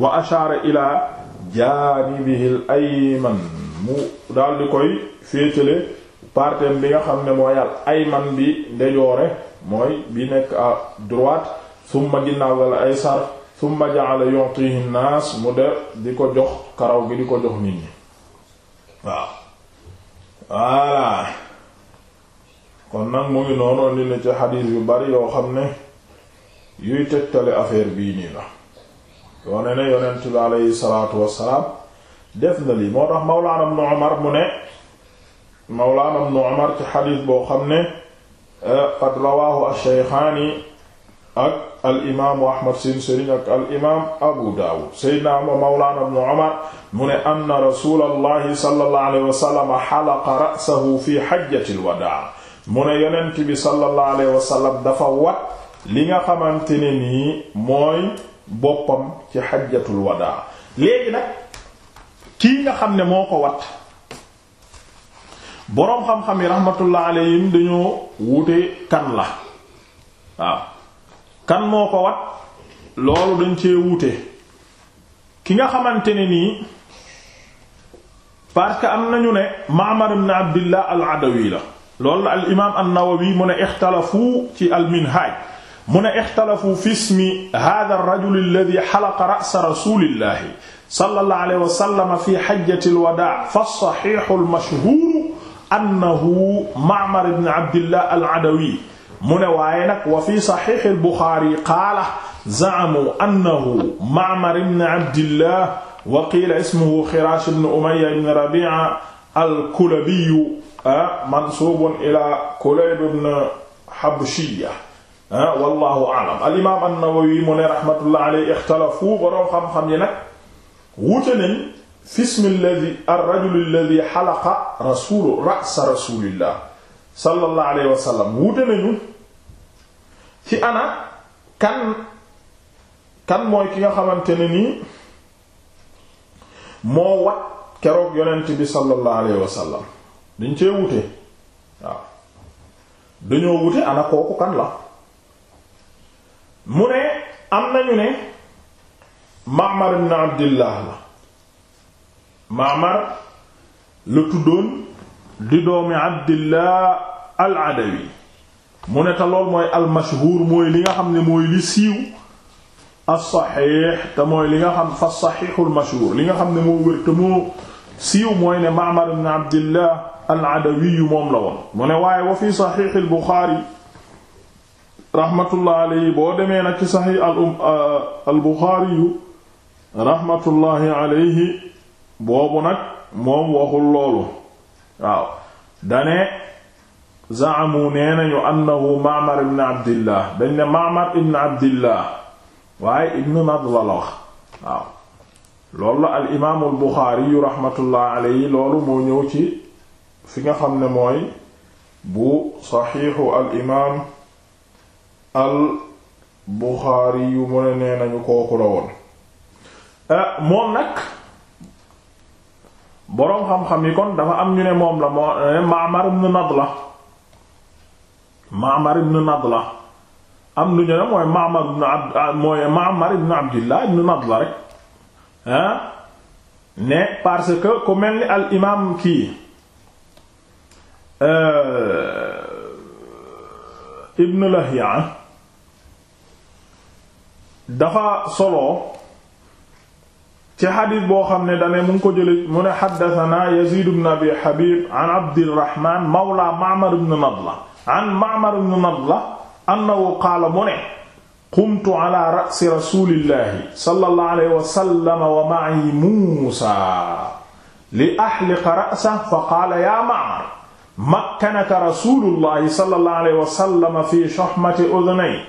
wa ashaara ilaa jaanibihi ayman mu daal di koy féetale partem bi nga xam ne mooy al ayman bi ndejoore mooy bi nekk à droite summa ginnaaw la ay sar summa ja'ala yu'tihi an mu def di ko jox karaw gi di ko jox nit ñi waaw voilà kon nag mu ngi noonu ni ne ci xadiis yu bari yoo xam ne yuy tegtale affaire bii nii la yoone ne yonent bi aleyhi wassalaam def na lii moo tax Mawlaana Ibnu Umar mu ne Mawlaana Ibnu Umar ci xadiis boo xam ne eh, qad rawaahu ash-Shaykhaani ak al imaamu Ahmad sin Serigne ak al imaam Abu Daawud Seydina Mawlaana Ibnu Umar mu ne anna Rasuulallaahi sallallaahu alayhi wa sallam xalaqa ra'sahu fi hajjatil wadaa mu ne yonent bi sallallaahu alayhi wa sallam dafa wat li nga xamante ne nii mooy boppam ci hajjatul wadaa léegi nag kii nga xam ne moo ko wat boroom xam-xam yi rahmatullah alayhim dañoo wute kan la waaw kan moo ko wat loolu dañ cee wute ki nga xamante ne nii parce que am nañu ne Ma'mar ibn Abdillah al-Adawi la loolu al imaam an-Nawawi mu ne ixtalafu ci al-Minhaj mu ne ixtalafu fi ismi hada ar-rajul alladhi xalaqa ra'sa rasulillahi sallallahu alayhi wa sallam fi hajjati al-wadaa fa-s-sahihu al-mashhuru annahu Ma'mar ibn Abdillah al-Adawi mu ne waaye nag wa fi saxiix al-Buxaari qaala za'amuu annahu Ma'mar ibn Abdillah wa qiila ismuhu Xiraash ibn Umayya ibn Rabiica al-Kulabi ah, mansuubun ilaa Kulayb ibn Habshiyya ah wallahu alam al imaam an mu ne rahmatullah alayhi ixtalafu boroom xam-xam yi nag wuute nañ fi ismi alladhi ar-rajul alladhi xalaqa rasulu ra'sa nañu ci ana kan kan mooy ki nga xamante ne nii moo wat keroog yonent bi sallallahu alayhi dañ cee wuute waaw dañoo wuute ana kooku kan la mu ne am nañu ne Ma'mar ibn Abdillah la Ma'mar la tuddoon di doomi Abdillah al-Adawi mu ne te mooy al-mashhuur mooy li nga xam ne mooy li siiw as-saxiix te mooy li nga xam fa as-saxiixul mashhuur li nga xam ne moo wér te moo siiw mooy ne Ma'mar ibn Abdillah al-Adawi moom la woon mu ne waaye wa fi saxiixil Buxaari rahmatullah alayhi boo demee nag ci saxi al um, uh, Buxaari rahmatullahi boobu nag moom waxul loolu waaw dane zaamu nee nañu annahu Ma'mar ibn Abdillah dañ ne Ma'mar ibn Abdillah waaye ibn Nadla la wax loolu al imaamu al Buxaari rahmatullah loolu moo ñëw ci fi nga xam ne mooy bu saxiixu al imaam al Buxaari yu mu ne nee nañu kooku la woon eh, moom nag boroom xam-xam yi kon dafa am ñu ne moom la moo ne eh, Ma'mar la Nadla Ma'mar ibn Nadla am lu ñu ne mooy Ma'mar ibn Abd ah, mooy Ma'mar ibn rek eh? ne parce que ku mel ni al imaam kii Ibn Lahiya dafa solo ci xadis boo xam ne dane mu ngi ko jële mu ne xaddatanaa yazid ibn abi habib an abdirahman mawla ma'mar ibn nadla an ma'mar ibn nadla annahu qaala mu ne qumtu ala ra'si rasulillahi sallallahu alayhi wa sallam wa ma'i muusa li ahliqa ra'sahu fa qaala ya ma'mar makkanaka rasulullahi sallallahu alayhi wa sallam fi shahmati udhnayhi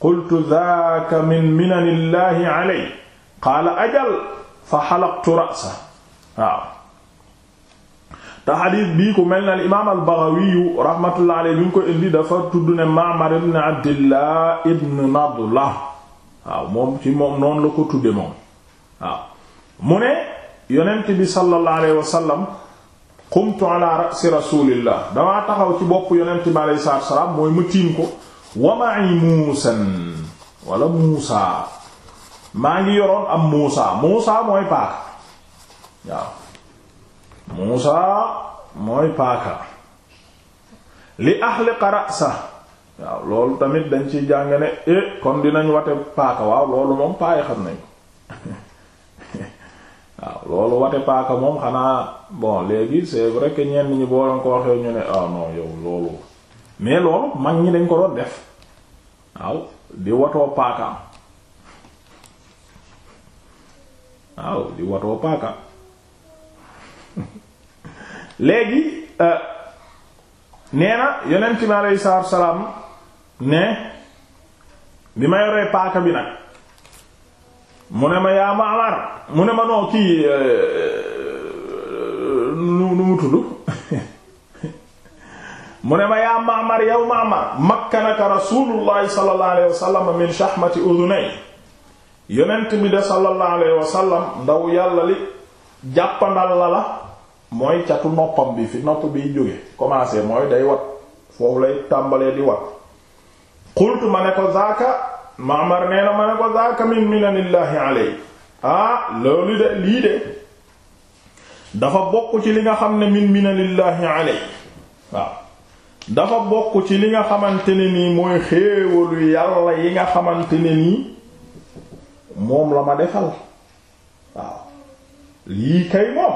qultu daaka min minanillahi aley qaala ajal fa xalaqtu ra'sa waaw te xadiis bii ku mel ne al imaam al Baghawi rahmatullah indi dafa tudd ne Ma'mar ibn Abdillah ibn Nadla waaw moom ci moom noonu la ko tudde moom waaw mu ne yonent bi sallallahu alayhi wa sallam qumtu ala damaa taxaw ci bopp yonent bi alayhi salaam mooy mu tiim ko wa ma'i muusan wala muusa maa ngi yoroon am muusa muusa mooy paaka waaw muusa mooy paaka li ahliqa ra'sa waaw loolu tamit dañ ciy jàng ne eh kon dinañ wate paaka waaw loolu moom paay xam nañ waaw loolu wate paaka moom xanaa bon léegi c'est vrai que ñenn ñi boo doon ko waxee ñu ne ah non yow loolu mais loolu mag ñi dañ ko doon def waaw di watoo paakaam waaw di watoo paakaam léegi euh, nee na yonent mi aleyhi salaatu salaam ne bi ma yoree paaka bi nag mu ne ma yaa ma amar mu ne ma noo kii euh, euh, nu nu mu tudd mu ne ma yaa Ma'mar yow Ma'mar makkanaka rasulullahi sallallahu alayhi wa min shahmati udunay yonent bi de sallallahu alayhi wa sallam ndaw yàlla li jàppandal la la mooy catu noppam bi fi nopp biy jóge commencé mooy day wat foofu lay tàmbalee di wat qultu ma ne ko zaaka Ma'mar nee na ma ne ko zaaka min minanillahi alay ah, loolu de lii de dafa bokk ci li nga xam ne min minanillahi alay waaw dafa bokk ci li nga xamante ni nii mooy xéewalu yàlla yi nga xamante ne nii moom la ma defal lii kay moom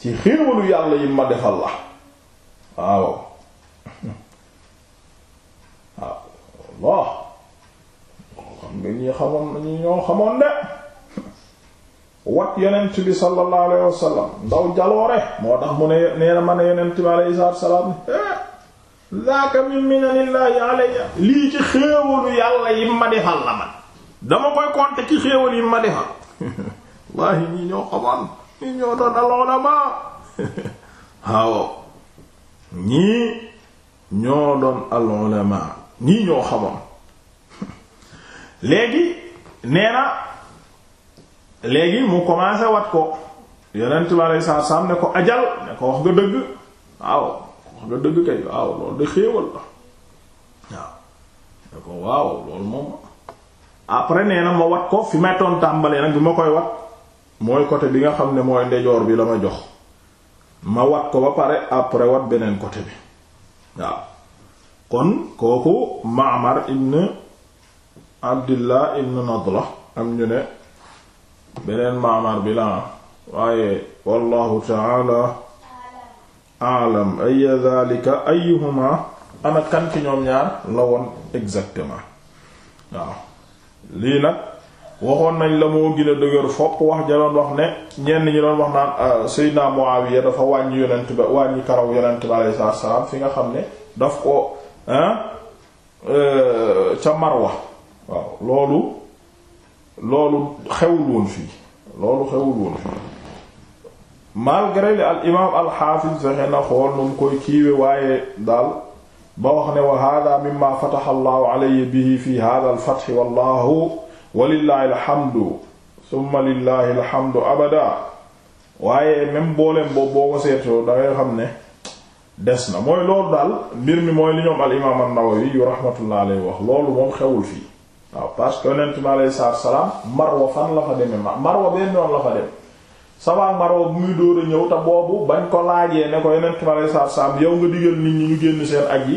ci xéewalu yàlla yi ma defal la waaw waaw Allah xam nga ñi xamoon ñi ñoo xamoon de wat yonent bi sallallahu alayhi ndaw jaloore moo tax mu ne nee na ma ne yonent bi alayhi salaatu zaaka min minanillahi alayya lii ci xéewalu yàlla yi ma defal la man dama koy compter ci xéewal yi ma defal wallahi ñi ñoo xamoon ñi ñoo doon al-ulama waaw ñii ñoo doon al-ulama ñii ñoo xamoon léegi nee na léegi mu commencé wat ko yonent bi alayhi salaam ne ko ajal ne ko wax nga dëgg waaw wax nga dëgg kay waaw loolu de xéewal la waaw ne ko waaw loolu moom après nee ma wat ko fi may doon tàmbalee nag bi ma koy wat mooy côté bi nga xam ne mooy ndejoor bi la ma jox ma wat ko ba pare après wat beneen côté bi waaw kon kooku Ma'mar ibn Abdillah ibn Nadla am ñu ne beneen Ma'mar bi la waaye wallahu ta'ala alam ay dhalika ayuhuma ana kan ci ñoom ñaar la woon exactement waaw lii nag waxoon nañ la moo gën a dëgër fopp wax ja doon wax ne ñenn ñi doon wax naan ah, Seydina Muawiya dafa wàññi yonent ba wàññi karaw yonent ba alayhi salaam fi nga xam ne daf ko ah, eh, ca Marwa waaw loolu loolu xewul woon fii loolu xewul woon fii malgré li al imaam al xaafis fexe na xool nu mu koy kiiwe waaye daal ba wax ne wa hada mimma fataxa allahu bihi fi hada al fatxi wallahu alhamdu summa lillahi alhamdu abada waaye même booleen boobu boo ko seetoo dangay xam ne des na mooy loolu daal mbir mi mooy li ñoom al imaam yu rahmatullah alayhi wax loolu moom xewul fii waaw parce que yonent mi salaam Marwa fan la fa demee Marwa benn yoon la fa dem sawaag maroo bu muy dóor ñëw te boobu bañ ko laajee ne ko yeneen tubaab saab yow nga digal nit ñi ñu génn seen aj yi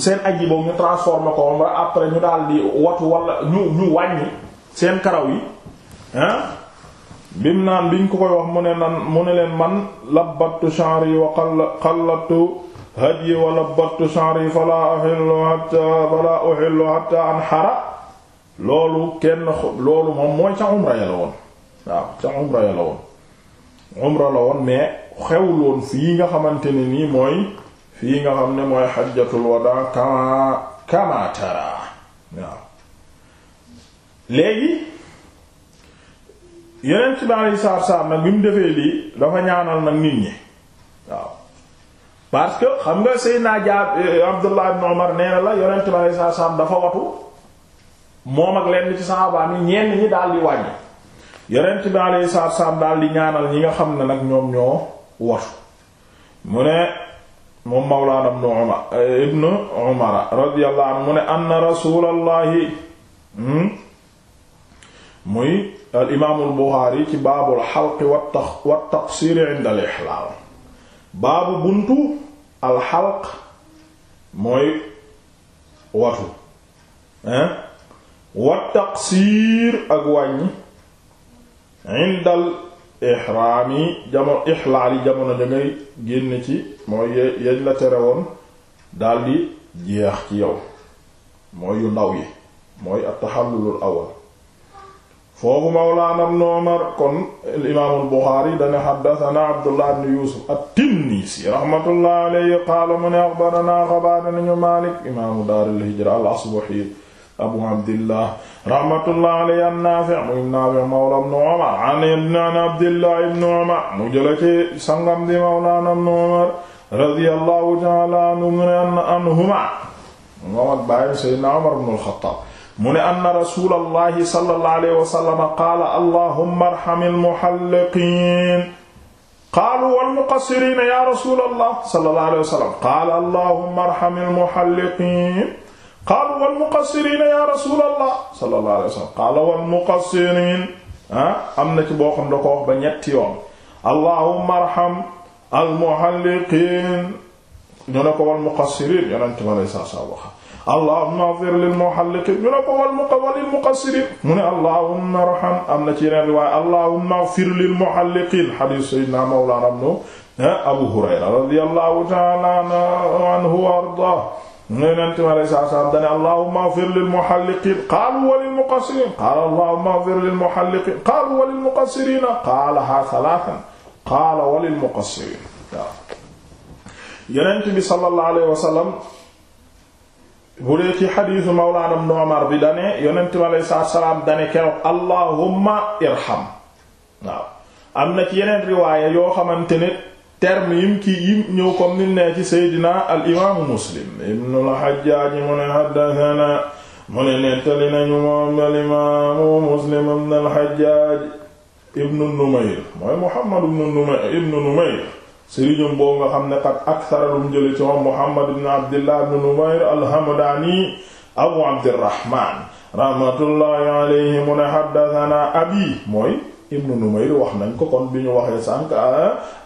seen aj yi boobu ñu transformé ko moom après ñu daal di watu wala ñu ñu wàññi seen karaw yi ah bim naan biñ ko koy wax mu ne nan mu ne leen man labbattu sha'ri wa qallattu hadyi wa labbattu sha'ri fala uhillu hatta fala uhillu hatta anhara loolu kenn loolu moom mooy ca umra ya la woon waaw ca umra ya la woon umra la woon fii nga xamante ne nii mooy fii nga xam ne mooy xajjatul wadaa kama kama tara waaw léegi yeneen ci daal yi nag bi mu defee lii dafa ñaanal nag nit ñi waaw parce que xam nga Seydina Jaab eh, Abdullah ibn Umar nee na la yonent bi alayhi salaam dafa watu moom ak lenn ci saxaaba mi ñi daal di wàññi yonent bi alayhi salaatu salaam daal di ñaanal ñi nga xam ne nag ñoom ñoo watu mu ne moom mawlaana ibnu Umar ibnu Umar radiyallahu mu ne anna rasuulallahi hmm? muy al imaamul Buxaari ci baabul xalqi wa taqsiiri inda al ihlaal baabu buntu al xalq mooy watu hein wa taqsiir ak wàññi indal ihraami jamono ihlaali jamono ja ngay ci mooy yañ la tere woon daldi jeex ci yow mooy yu ndaw yi mooy at-tahallulul awal foofu mawlaana ibn Umar kon imaamul Buxaari dana xaddatana Abdullah ibn Yuusuf at-Tinnisi raxmatullahi alayhi qaala mu ne axbaranaa xabaaranañu Maalik imaamu daaril hijra al-Asbahi abu abdillah rahmatullah alayhi an Naafi' muy Naafi' mawla ibn Umar an ibn Abdillah ibn Umar mu jële ci sangam di mawlana ibn Umar radiyallahu ta'ala anhuma moom ak bàyyam Seydina Umar ibn al-Khattab mu ne anna rasulallahi sallallahu alayhi wa sallam qaala allahumma arhamil muhalliqiin qaalu wal muqassiriina ya rasulallah sallallahu alayhi wa sallam qaala allahumma arhamil muhalliqiin qaalu wal muqassiriina yaa rasuulallah sallallahu alayhi wa sallam qaala wal muqassiriin ah am na ci boo xam da ko wax ba ñetti yoon allahumma arham al muhalliqiin ñu ne ko wal muqassiriin yonent ma lay saa saa wax allahumma ighfir lil muhalliqiin ñu ne ko wal muqassiriin mu ne allahumma arham am na ci yeneen riwaaya allahumma ighfir lil muhalliqiin hadiis sayyidinaa mawlaanaa Abu Hurayra radiyallaahu ta'aalaa anhu wa ardaahu Yonent mi alayhi salaatu wa salaam dane allahumma ighfir lil muhalliqiin qaalu wa lil muqassiriin qaala allahumma ighfir lil muhalliqiin qaalu wa lil muqassiriin qaalahaa salaasan qaala wa lil muqassiriin waaw Yonent bi sallallahu alayhi wa sallam bu dee ci xadiisu Mawlaana Ibn Umar bi dane Yonent mi alayhi salaatu wa salaam dane keroog allahumma irham waaw am na ci yeneen riwaaya yoo xamante ne terme yim ki ñëw comme ni nee ci seydina al imaamu muslim ibnu al mu ne haddathana mu ne nettali nañu moom al imaamu muslim ibnu al ibnu numayr mooy muhammad ibnu numayr ibnu numayr sëriñam boo nga xam ne qad akthara lum jële ci moom muhammad ibnu abdillah ibnu numayr al hamdaani abu abdirrahmaan rahmatullahi mu ne haddathana abi mooy ibnu Numayr wax nañ ko kon bi ñu waxee sànq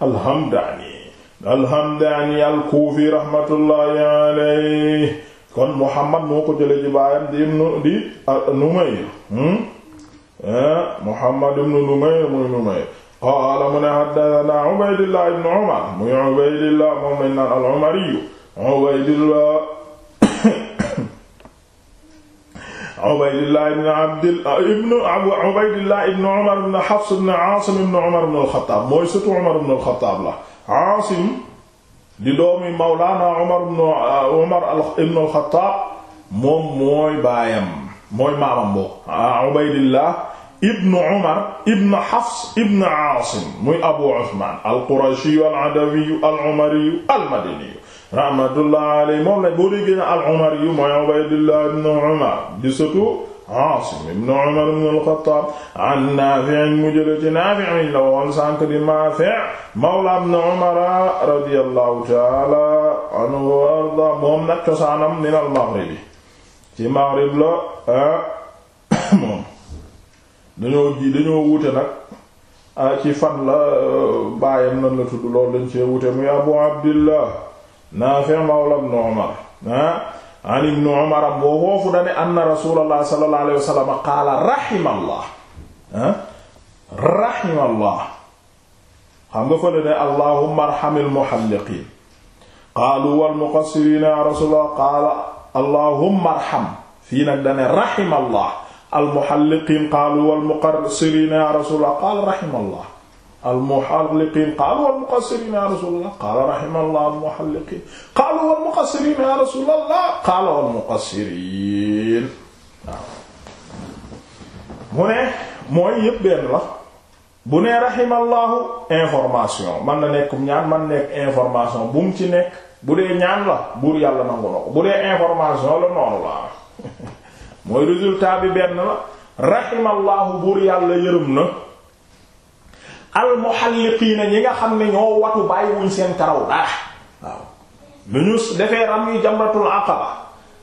alhamdani alhamdani al-Kufi rahmatullahi alayhi kon Muhammad moo ko jële ci baayam di ibnu di Numayr hmm? eh, Muhammad ibnu Numayr muy Numayr qaala mu ne haddathana Ubaydullah ibnu Umar muy Ubaydullah moom al-Umari Ubaydullah Ubaydillah ibn Abdil ah, ibn Ubaydillah ibn Umar ibn Hafs ibn Aasim ibn Umar ibn al-Khattab mooy sëtu Umar ibn al-Khattab la Aasim di doomi Mawlaana Umar ibn ah, Umar ibn al-Khattab moom mooy baayam mooy maamam boo ah, Ubaydillah ibn Umar ibn Hafs ibn Aasim muy Abu Usmaan al-Qurashi al-Adawi al-Umari al-Madani rahmatullah alayhi moom la boo déggee na al-Umari yu mooy Ubaydullah ibn Umar di surtout Aasim ibn Umar ibn al-Khattab an Naafi' mu jële ci la woon sànq di Naafi' mawla ibn Umar radiyallahu ta'ala moom nag cosaanam min al-Maghrib ci Maghrib la ah, moom dañoo ji dañoo wute nag ah, ci fan la ah, baayam nan la tudd loolu dañ cee wute muy Abu Abdillah Naafi mawla ibn Umar an ibn Umar boo foofu dane anna Rasulullah sallallahu alayhi wa sallam qaala rahimallah rahimallah xam nga fa la ne allahumma arhamil muhalliqiin qaalu wal muqassiriina ya Rasulullah qaala allahumma arham fii nag dane rahimallah al muhalliqiin qaalu wal muqassiriina ya Rasulullah qaala rahimallah almuhalliqiin qaalu walmuqassiriin ya ya rasulallah qaala walmuqassiriin waaw mu ne mooy yépp benn la bu ne rahimallahu information man na nekkum ñaan man nekk information bu mu ci nekk bu dee ñaan la buur yàlla nangu noonu la mooy résultat bi benn la rahimallahu buur yàlla yërëm na al muhalliqiina ñi nga xam ne ñoo watu bàyyiwuñ seen taraw dara ah, waaw nu ñu defee ram yi jamratul aqaba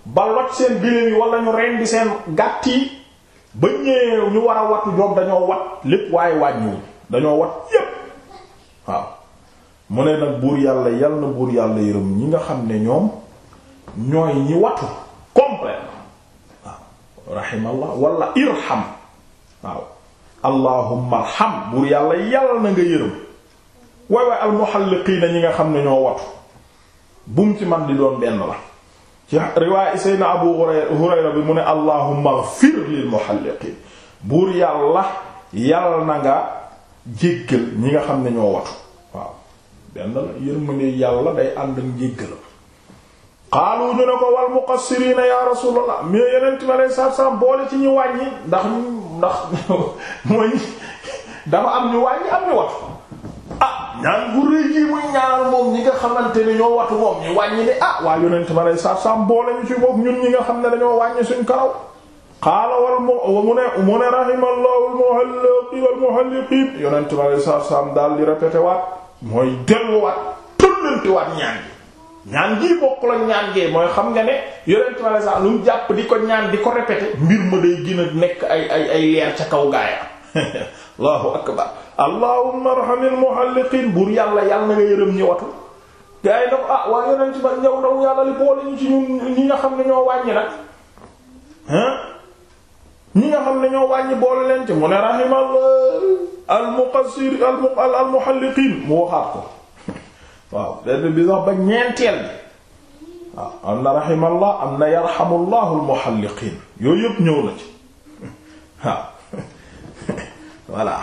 ba loj seen bilim yi wala ñu rendi seen gàtt yi ba ñëwee ñu war a watu joom dañoo wat lépp waaye wàññiwuñ dañoo wat yépp waaw mu ne nag buur yàlla yal na buur yàlla yërëm ñi nga xam ne ñoom ñooy ñi watu complètement waaw rahimallah wala irham waaw allahumma arham buur yàlla yàlla na nga yërëm waay waay almuhalliqiina ñi nga xam ne ñoo watu bum ci man di doon benn la ci riwaay seydna abu hurayra bi mu ne allahumma ighfir lil muhalliqiin buur yàlla yàlla na nga jéggal ñi nga xam ne ñoo watu waaw benn la yërmande yàlla day ànd njéggal xaalu ñu ne ko wal muqassiriina rasuulallah mais yeneen ma lay saab saab boole ci ñi wàññi ndax ndax mooy dafa am ñu wàññi am ñu wat ah ñaan bu rëy gi muy ñaanal moom ñi nga xamante ne ñoo watu moom ñu wàññi ne ah waa yonent ma lay saaf saaf mboole ñu ci bokk ñun ñi nga xam ne dañoo wàññi suñ karaw qaala wal mu ne mu ne rahimallahu al-muhalliqi wal muhalliqin yonent ma lay saaf saaf daal di répété waat mooy delluwaat tëllanti waat ñaan ñaan gii bokkul ak ñaan gee mooy xam nga ne yore tubaab sax lu mu jàpp di ko ñaan di ko répété mbir ma day gën a nekk ay ay ay leer ca kaw gaaya allahu akbar allahumma arhamil muhalliqin buur yàlla yàlla na nga yërëm ñi watu gars yi na ko ah, yàlla li boole ñu nga xam ne ñoo wàññi nag nga xam ne ñoo wàññi boole leen ci mu ne rahimal al mu waxaat ko waaw benn bi sax ba ñeenteel bi waaw am na raximallah am na yarxamullahu almuhalliqiin yooyu yëpp ñëw na ci waaw voilà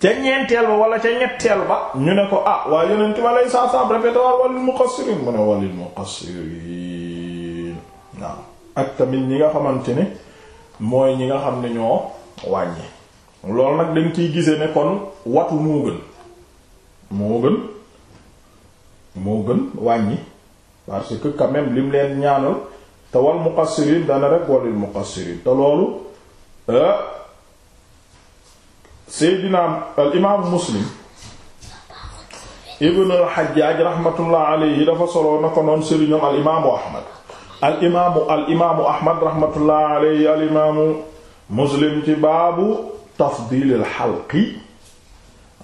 ca ñeenteel ba wala ca ñetteel ba ñu ne ko ah waaye yonent ma lay saasam répété waa walil muqassiriin mu ne walil muqassiriin waaw ak tamit ñi nga xamante ne mooy ñi nga xam ne ñoo wàññi loolu nag dañ ciy gisee ne kon watu moo gën moo gën moo gën wàññi parce que quand lim leen ñaanal te wal muqassirin dana rek walil muqassirin te loolu euh, seydina al imaamu muslim ibn hajjaaj rahmatullah alayhi dafa soloo na ko noon sëriñam al imaamu ahmad al imaamu ahmad rahmatullah alayhi al imaamu muslim ci baabu tafdiil al xalqi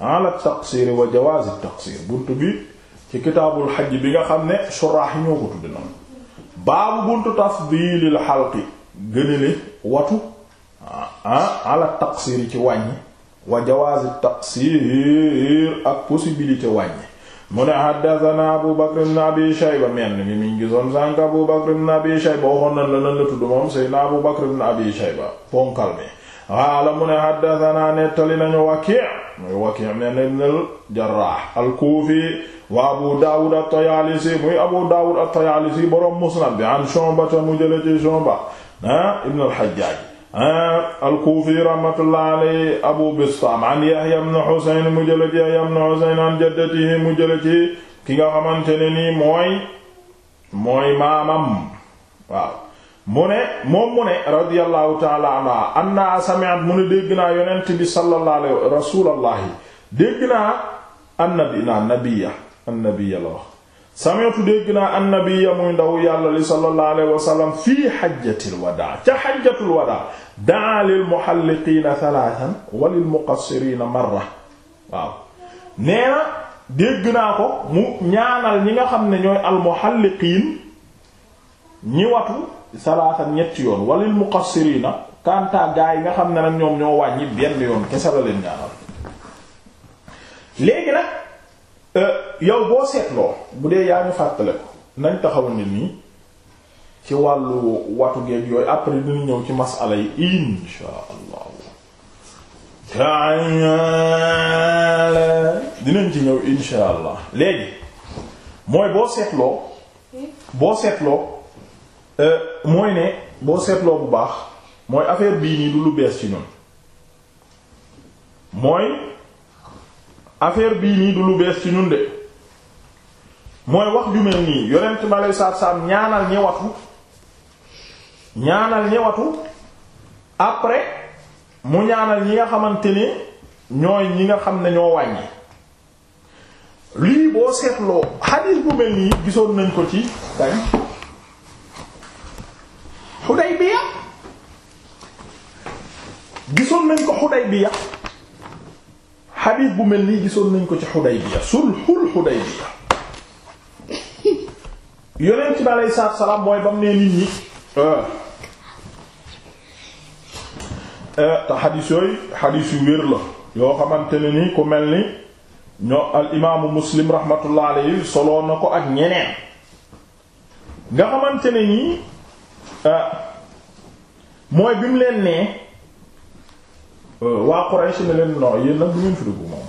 ala taqsir wa jawaaz al taqsir buntu bi ci kitaabul xaj bi nga xam ne suraax yi ñoo ko tudde noonu baabu buntu tafdiilil xalqi gënale watu ah, ah ala taqsiir ci wàññi wa jawaazi taqsiir ak possibilité wàññi mu ne haddathana abu bakr ibn abi shayba mel ni mi ngi gisoon sànk abu bakr ibn abi shayba waxoon nan la tudd moom sëy na abu bakr ibn abi shayba ponkal mi waala mu ne haddathana nettali nañu waki' muy Waki' ibn al-Jarrah al-Kufi wa Abu Dawud at-Tayalisi muy Abu Dawud at-Tayalisi borom Musnad bi an Shu'ba mu jële ci Shu'ba ah ibn al-Hajjaj ah al-Kufi rahmatullahi alayhi Abu Bistam an Yahya ibn Husayn mu jële ci Yahya ibn Husayn an jaddatihi mu jële ci ki nga xamante ne nii mooy mooy maamam waaw. mu ne moom mu ne radiyallahu taala anha anna sami'at mu ne dégg naa yonent bi sallallahu dégg naa annabi na nabiya annabiya la wax dégg naa annabiya muy ndaw yàlla li sallallahu alayhi wa fii hajjatil wadaa ca lil muhalliqiina thalathan lil muqassiriina marra waaw nee na dégg naa ko mu ñaanal ñi nga xam ne ñooy al ñi watu salaata ñetti yoon walil muqassirina kanta gaa yi nga xam ne nag ñoom ñoo wàññi benn yoon kese la leen ñaanal léegi nag euh, yow boo seetloo bu dee yaa ñu fàttale ko nañ taxaw ne nii ci wàllu watu geeg yooyu après ci masala yi insha allahu dinañ ci ñëw insha léegi mooy boo seetloo boo seetloo Euh, mooy ne boo seetloo bu baax mooy affaire bii nii du lu bees ci ñun mooy affaire bii nii du lu bees ci ñun de mooy wax ju mel nii yonent ma lay saat saam ñaanal ñewatu ñaanal ñewatu après mu ñaanal ñi nga xamante ni ñooy ñi nga xam ne ñoo wàññi lii boo seetloo xadiis bu mel nii gisoon nañ ko ci tay gisoon nañ ko Xudaybiya xadiis bu mel nii gisoon nañ ko ci Xudaybiya sulhul Xudaybiya yonent bi aleyhi salaatu salaam mooy ba mu nee nit ñi ah. eh, te xadiis yooyu xadiis yu wér la yoo xamante ne ni ku mel ni ñoo al imaamu muslim rahmatullah alayhi na ko ak ñeneen nga xamante ne ni ah, mooy bi mu leen nee euh, waa Quraysh ne leen non yéen nag du ngeen fi dugg moom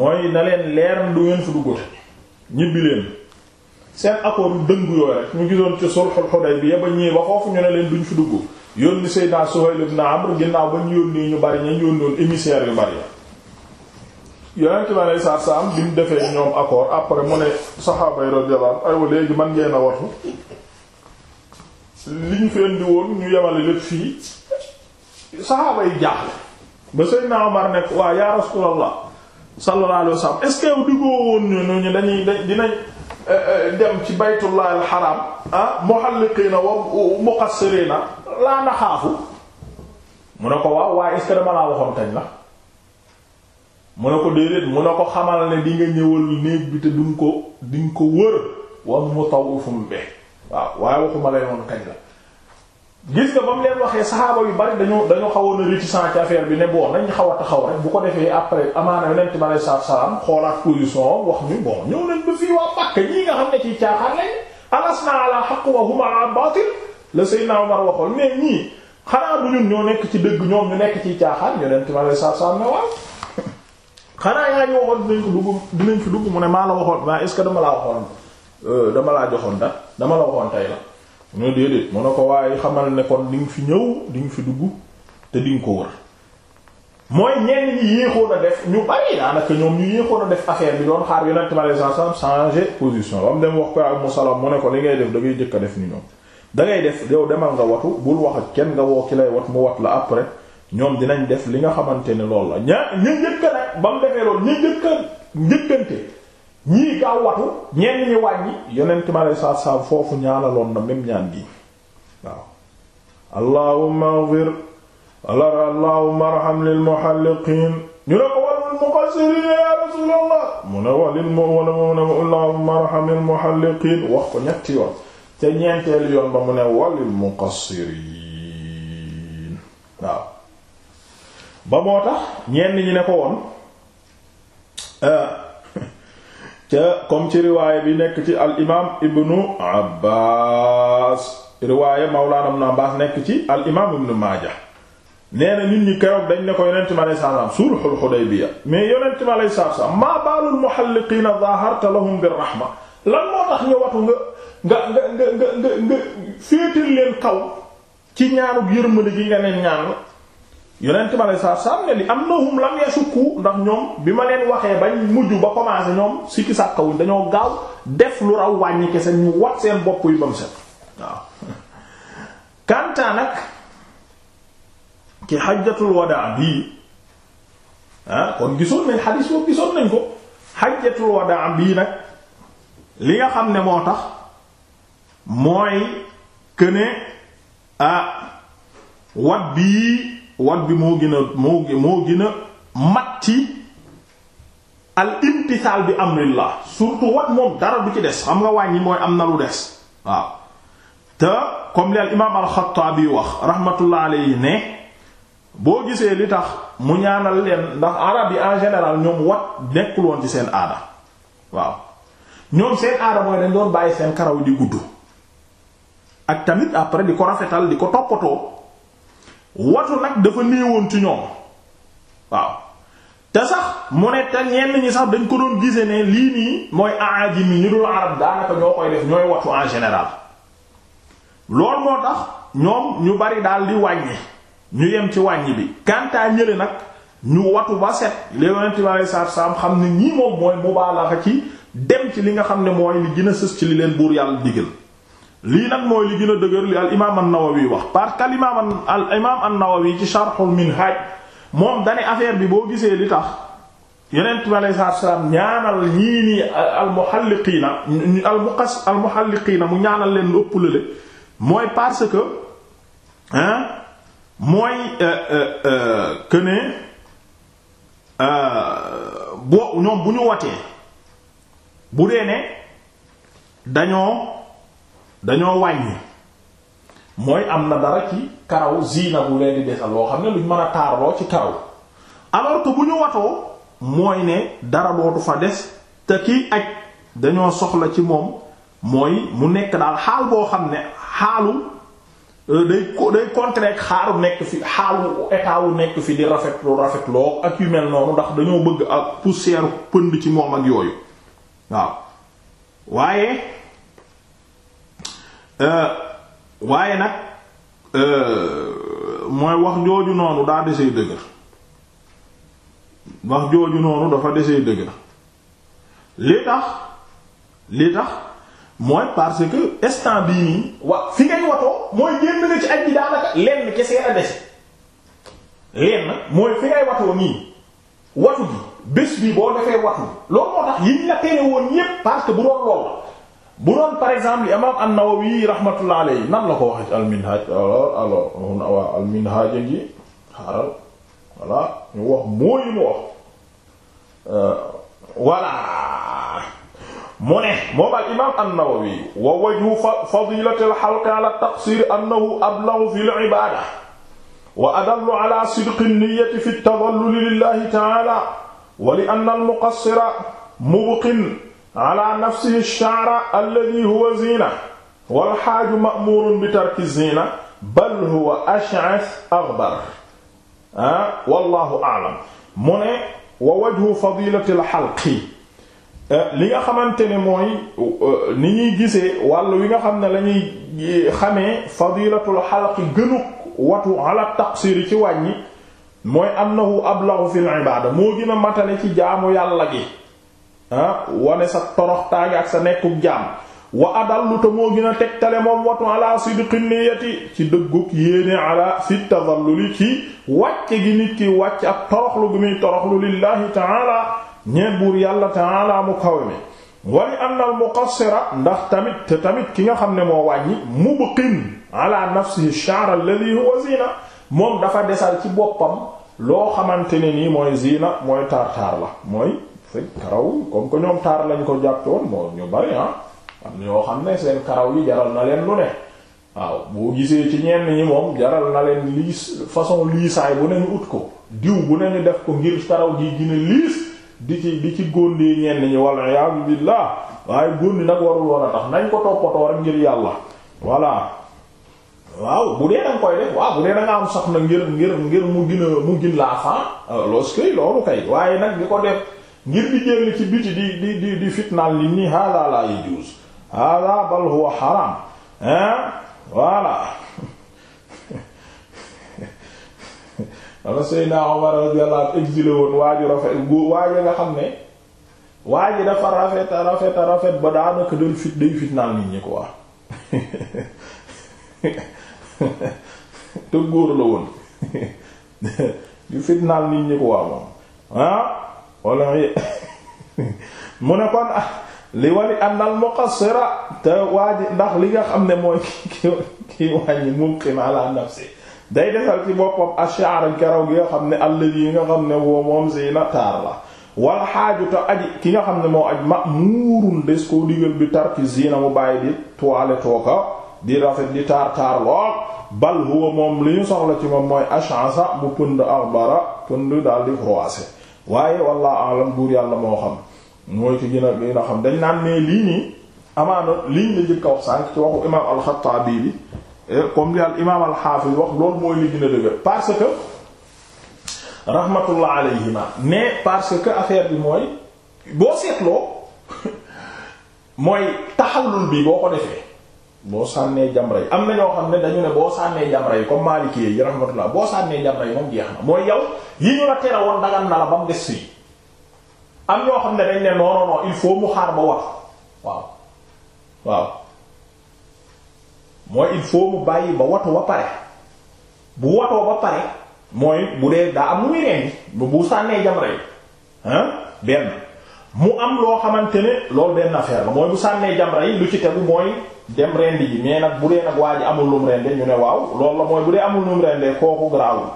mooy na leen leer du ngeen fi duggute ñibbi leen seen accord yu dëng yooyu rek ñu gisoon ci sulhul Hudaybiya ba ñëwee ba foofu ñu ne leen duñ fi dugg yónni Seydina Suhayl ibn Amr ginnaaw ba ñu yónni ñu bari ñu yónnoon émissaires yu bari yonent bi aleyhi saa salaam bi mu defee ñoom accord après mu ne saxaaba yi radiyallahu anhum léegi man ngeen a watu li ñu feen di woon ñu yemale lépp fii saxaaba yi jaaxle ba Seydina Omar nekk waaw yaa Rasuulallah sallallahu alayhi wa sallam est-ce que yow diggoo woon ñu ñu dañuy dinañ eh, eh, dem ci baytullahi alxaram ah muhalliqiina wa muqassiriina laa naxaafu mu ne ko waaw waaye est dama laa waxoon tañ la mu ne ko déedéet mu ne ko xamal ne di ñëwal néeg bi te duñ ko diñ ko wër wa mutawwifun bi waaw waaye waxuma lay noonu kañ la gis nga ba mu leen waxee saxaaba yu bari dañoo dañu xawoon a réticent ci affaire bi ne bon nañ xaw taxaw rek bu ko defee après amaana yonent bi alayhi salaatu salaam xoolaat position wax ni bon ñëw nañ ba fii waa Makka ñii nga xam ne ci caaxaan lañ alasna ala haqq wa hum ala batil la Seydina Omar waxoon mais ñii xanaa bu ñun ñoo nekk ci dëgg ñoom ñu nekk ci caaxaan yonent bi alayhi salaatu salaam ne waaw xanaa yaa ñu waxoon dinañ fi mu ne maa la waxoon waaye est Euh, dama laa joxoon dat dama la waxoon tey la mu déedéet mu ne ko waaye xamal ne kon di nga fi ñëw di nga fi dugg te di ko wër mooy ñenn ñi yéexoon a def ñu bari daanaka ñoom ñu yéexoon a def affaire bi doon xaar yonent ma les ensemble changer position ba mu dem wax ko ak musalam mu ne ko li ngay def da ngay jëkk a def ni ñoom da ngay def yow demal nga watu bul wax ak kenn nga woo ki lay wat mu wat la après ñoom dinañ def li nga xamante ne loolu la ña ña ba mu defee loolu ña njëkka njëkkante ñii gaaw watu ñenn ñi wàññi yonent mi aleyhi salaatu foofu ñaanaloon na même ñaan gi waaw allahumma ighfir wala allahumma arham lil muhalliqin ñu ne ko walil muqassirin ya rasulallah mu ne walil mu mu ne allahumma arham lil muhalliqin wax ko ñetti yoon te ñeenteelu yoon ba mu ne walil muqassirin waaw ba moo tax ñenn ñi ne ko woon eh, ca comme ci riwaaya bi nekk ci al imaam ibnu Abbaas riwaaya mawlaana ibnu Abbaas nekk ci al imaam ibnu Maaja nee na nit ñi keroog dañ ne ko yonent mi alayhi salaam sulhul Hudaybiya mais yonent mi alayhi salaam maa baalul muhalliqiina zaaharta lahum bir rahma lan moo tax ñu watu nga nga nga nga nga féetal leen kaw ci ñaanug yërmande gi nga neen ñaan yonent bi aleyhi salaatu salaam ne li annahum lam yashukku ndax ñoom bi ma leen waxee bañ mujj ba commencé ñoom sikki sàkkawuñ dañoo gaaw def lu raw wàññi kese ñu wat seen bopp yu bam set waaw kantaa nag ki xajjatul wadaa bii ah, kon gisoon nañ xadiis boobu gisoon nañ ko xajjatul wadaa bii nag li nga xam ne moo tax mooy këne ah bii wat bi moo gën a moo moo gën a mat ci al imtisaal bi amrillah surtout wat moom dara du ci des xam nga wàññi mooy am na lu des waaw te comme li al imaam alxataabi wax rahmatullah yi ne boo gisee li tax mu ñaanal leen ndax arab yi en général ñoom wat nekkul woon ci seen aada waaw ñoom seen aada mooy dañ doon bàyyi seen karaw di gudd ak tamit après di ko rafetal di ko toppatoo watu nag dafa néewoon ci ñoom waaw te sax mu ne te ñenn ñi sax dañ ko doon gise ne lii nii mooy aajim yi ñu dul arab daanaka ñoo koy def ñooy watu en général loolu moo tax ñoom ñu bari daal di wàññi ñu yem ci wàññi bi kantaa ñële nag ñu watu ba set léonenti ma saam xam ne ñii moom mooy mubaalaxa ci dem ci li nga xam ne mooy li gën sës ci li leen buur yàlla digal lii nag mooy li gën a dëgër li al imaam an-Nawawi wax parce al imaam al imaam an-Nawawi ci Sharhul Minhaj moom dane affaire bi boo gisee li tax yonent bi alayhi ñaanal ñii nii al muhalliqiina al muqas al muhalliqiina mu ñaanal leen lu ëpp lële mooy parce que hein mooy euh, euh, euh, que boo ñoom bu ñu watee bu dee ne dañoo. dañoo wàññi mooy am na dara ci karaw ziina bu leen di desal loo xam ne luñ mën a taarloo ci karaw alors que bu ñu watoo mooy ne dara dootu fa des te kiy aj dañoo soxla ci moom mooy mu nekk daal xaal boo xam ne xaalu euh, day day contraire xaaru nekk fi xaalu état wu nekk fi di rafetlu rafetloo ak yu mel noonu ndax dañoo bëgg ak poussière pënd ci moom ak yooyu waaw waaye Euh, waaye nag euh, mooy wax jooju noonu daa desee dëgër wax jooju noonu dafa desee dëgër li tax li tax mooy parce que instant bii nii wa fi ngay watoo mooy génn na ci aj ji daanaka lenn kese a dese lenn mooy fi ngay watoo nii watu bi bés bi boo defee watu loolu moo tax yiñ la tere woon yépp parce que bu doon lool bu doon par exemple imam an-Nawawi rahmatullah alayhi nan la ko waxee al-Minhaj alors alors waaw al-Minhaj gi xaaral voilà ñu wax mooyi mu wax euh, voilà mu ne moom al imam an-Nawawi wa wajhu fadilati al-halq ala at-taqsir annahu ablaw fi al-ibada wa adallu ala sidqi an-niyyati fi at-tadallul lillahi ta'ala wa li anna al-muqassira mubqin ala nafsihi sha'ra alladhi huwa zina wal haaju ma'murun bi tarki zina bal huwa ash'ath aghbar ah wallahu a'lam mu ne wa wajhu fadilati al halqi eh, li nga xamante ne mooy eh, ni ñuy gisee wàllu wi nga xam ne la ñuy eh, xamee fadilatul xalqi gënuk watu ala taqsiri ci wàññi mooy annahu ablahu fil ibaada moo gën a matale ci jaamu yàlla gi ah wane sa toroxtaange ak sa nekkuk jaam wa adallu te moo gën a tegtale moom watu ala sidqin niyyati ci dëgguk yéene ala fi tadalluli ci wàcce gi nit ki wàcc ak toroxlu bi muy toroxlu lillahi taala ñeen buur yàlla taala mu kawe mi wali anna al muqassira ndax tamit te tamit ki nga xam ne moo wàññi mubqin ala nafsihi sha'r alladhi huwa zina moom dafa desal ci boppam loo xamante ne nii mooy zina mooy tartaar la mooy fekk karaw comme que ñoom taar lañ ko jàppoon moo ñu bari ah am ñoo xam ne seen karaw yi jaral na leen lu ne waaw boo gisee ci ñenn ñi moom jaral na leen liis façon liisaay bu ne ñu ut ko diw bu ne ñu def ko ngir karaw gi gën a liis di ci di ci góndee ñenn ñi walla yaa billah waaye góndi nag warul woon a tax nañ ko toppatoo rek ngir yàlla voilà waaw bu dee da nga koy def waaw bu dee da nga am soxna ngir ngir ngir mu gën mu gin laa fan loolu ngir di génn ci biti di di di fitnaal nit ñi hada la yajuz hada bal huwa haram hein voilà wala Seydina Omar waa ji rafet góor nga xam ne waa ji dafa rafet rafet ba daanaka doon fit day fitnaal nit ñi quoi te góor la woon di fitnaal nit ñi quoi moom ah wala mu ne kon ah, li wali an al muqassira te waaji ndax li nga xam ne mooy ki ki wàññi mumkin ala nafsi day defal ci boppam ash'ar karaw gi nga xam ne alladi yi nga xam ne woo moom zina taar la wal xaaju te aji ki nga xam ne moo aj ma muurun des koo digal bi tarki zina mu bàyyi di toile tooka di rafet di taar taar lool bal huwa moom li ñu soxla ci moom mooy ash'asa mu pënd arbara pënd daal di froissé waaye wallahu alam buur yàlla moo xam mooy ci gën a gën a xam dañ naan ne lii nii amaana lii la jëkk a wax sànq ci waxu imaam alxataabi bi eh, comme li al imaam alxaafis wax loolu mooy li gën a dëgër parce que rahmatullah alayhima mais parce que affaire bi mooy boo seetloo mooy taxallul bi boo ko defee boo sànnee jamra yi am na ñoo xam ne dañu ne boo sànnee jamra yi ko comme Maliki yi rahmatullah boo sànnee jamra yi moom jeex na mooy yow yi ñu la tere woon dagan na ba mu des si am ñoo xam ne dañ ne non non il faut mu xaar ba wat waaw waaw mooy il faut mu bàyyi ba watu ba pare bu watoo ba pare mooy bu dee daa am muy reen bu bu sànnee jamra yi ah benn mu am loo xamante ne loolu benn affaire la mooy bu sànnee jamra yi lu ci tegu mooy. dem rendi ji mais nag bu dee nag waa ji amul lum rende ñu ne waaw loolu la mooy bu dee amul lum rende kooku garaawul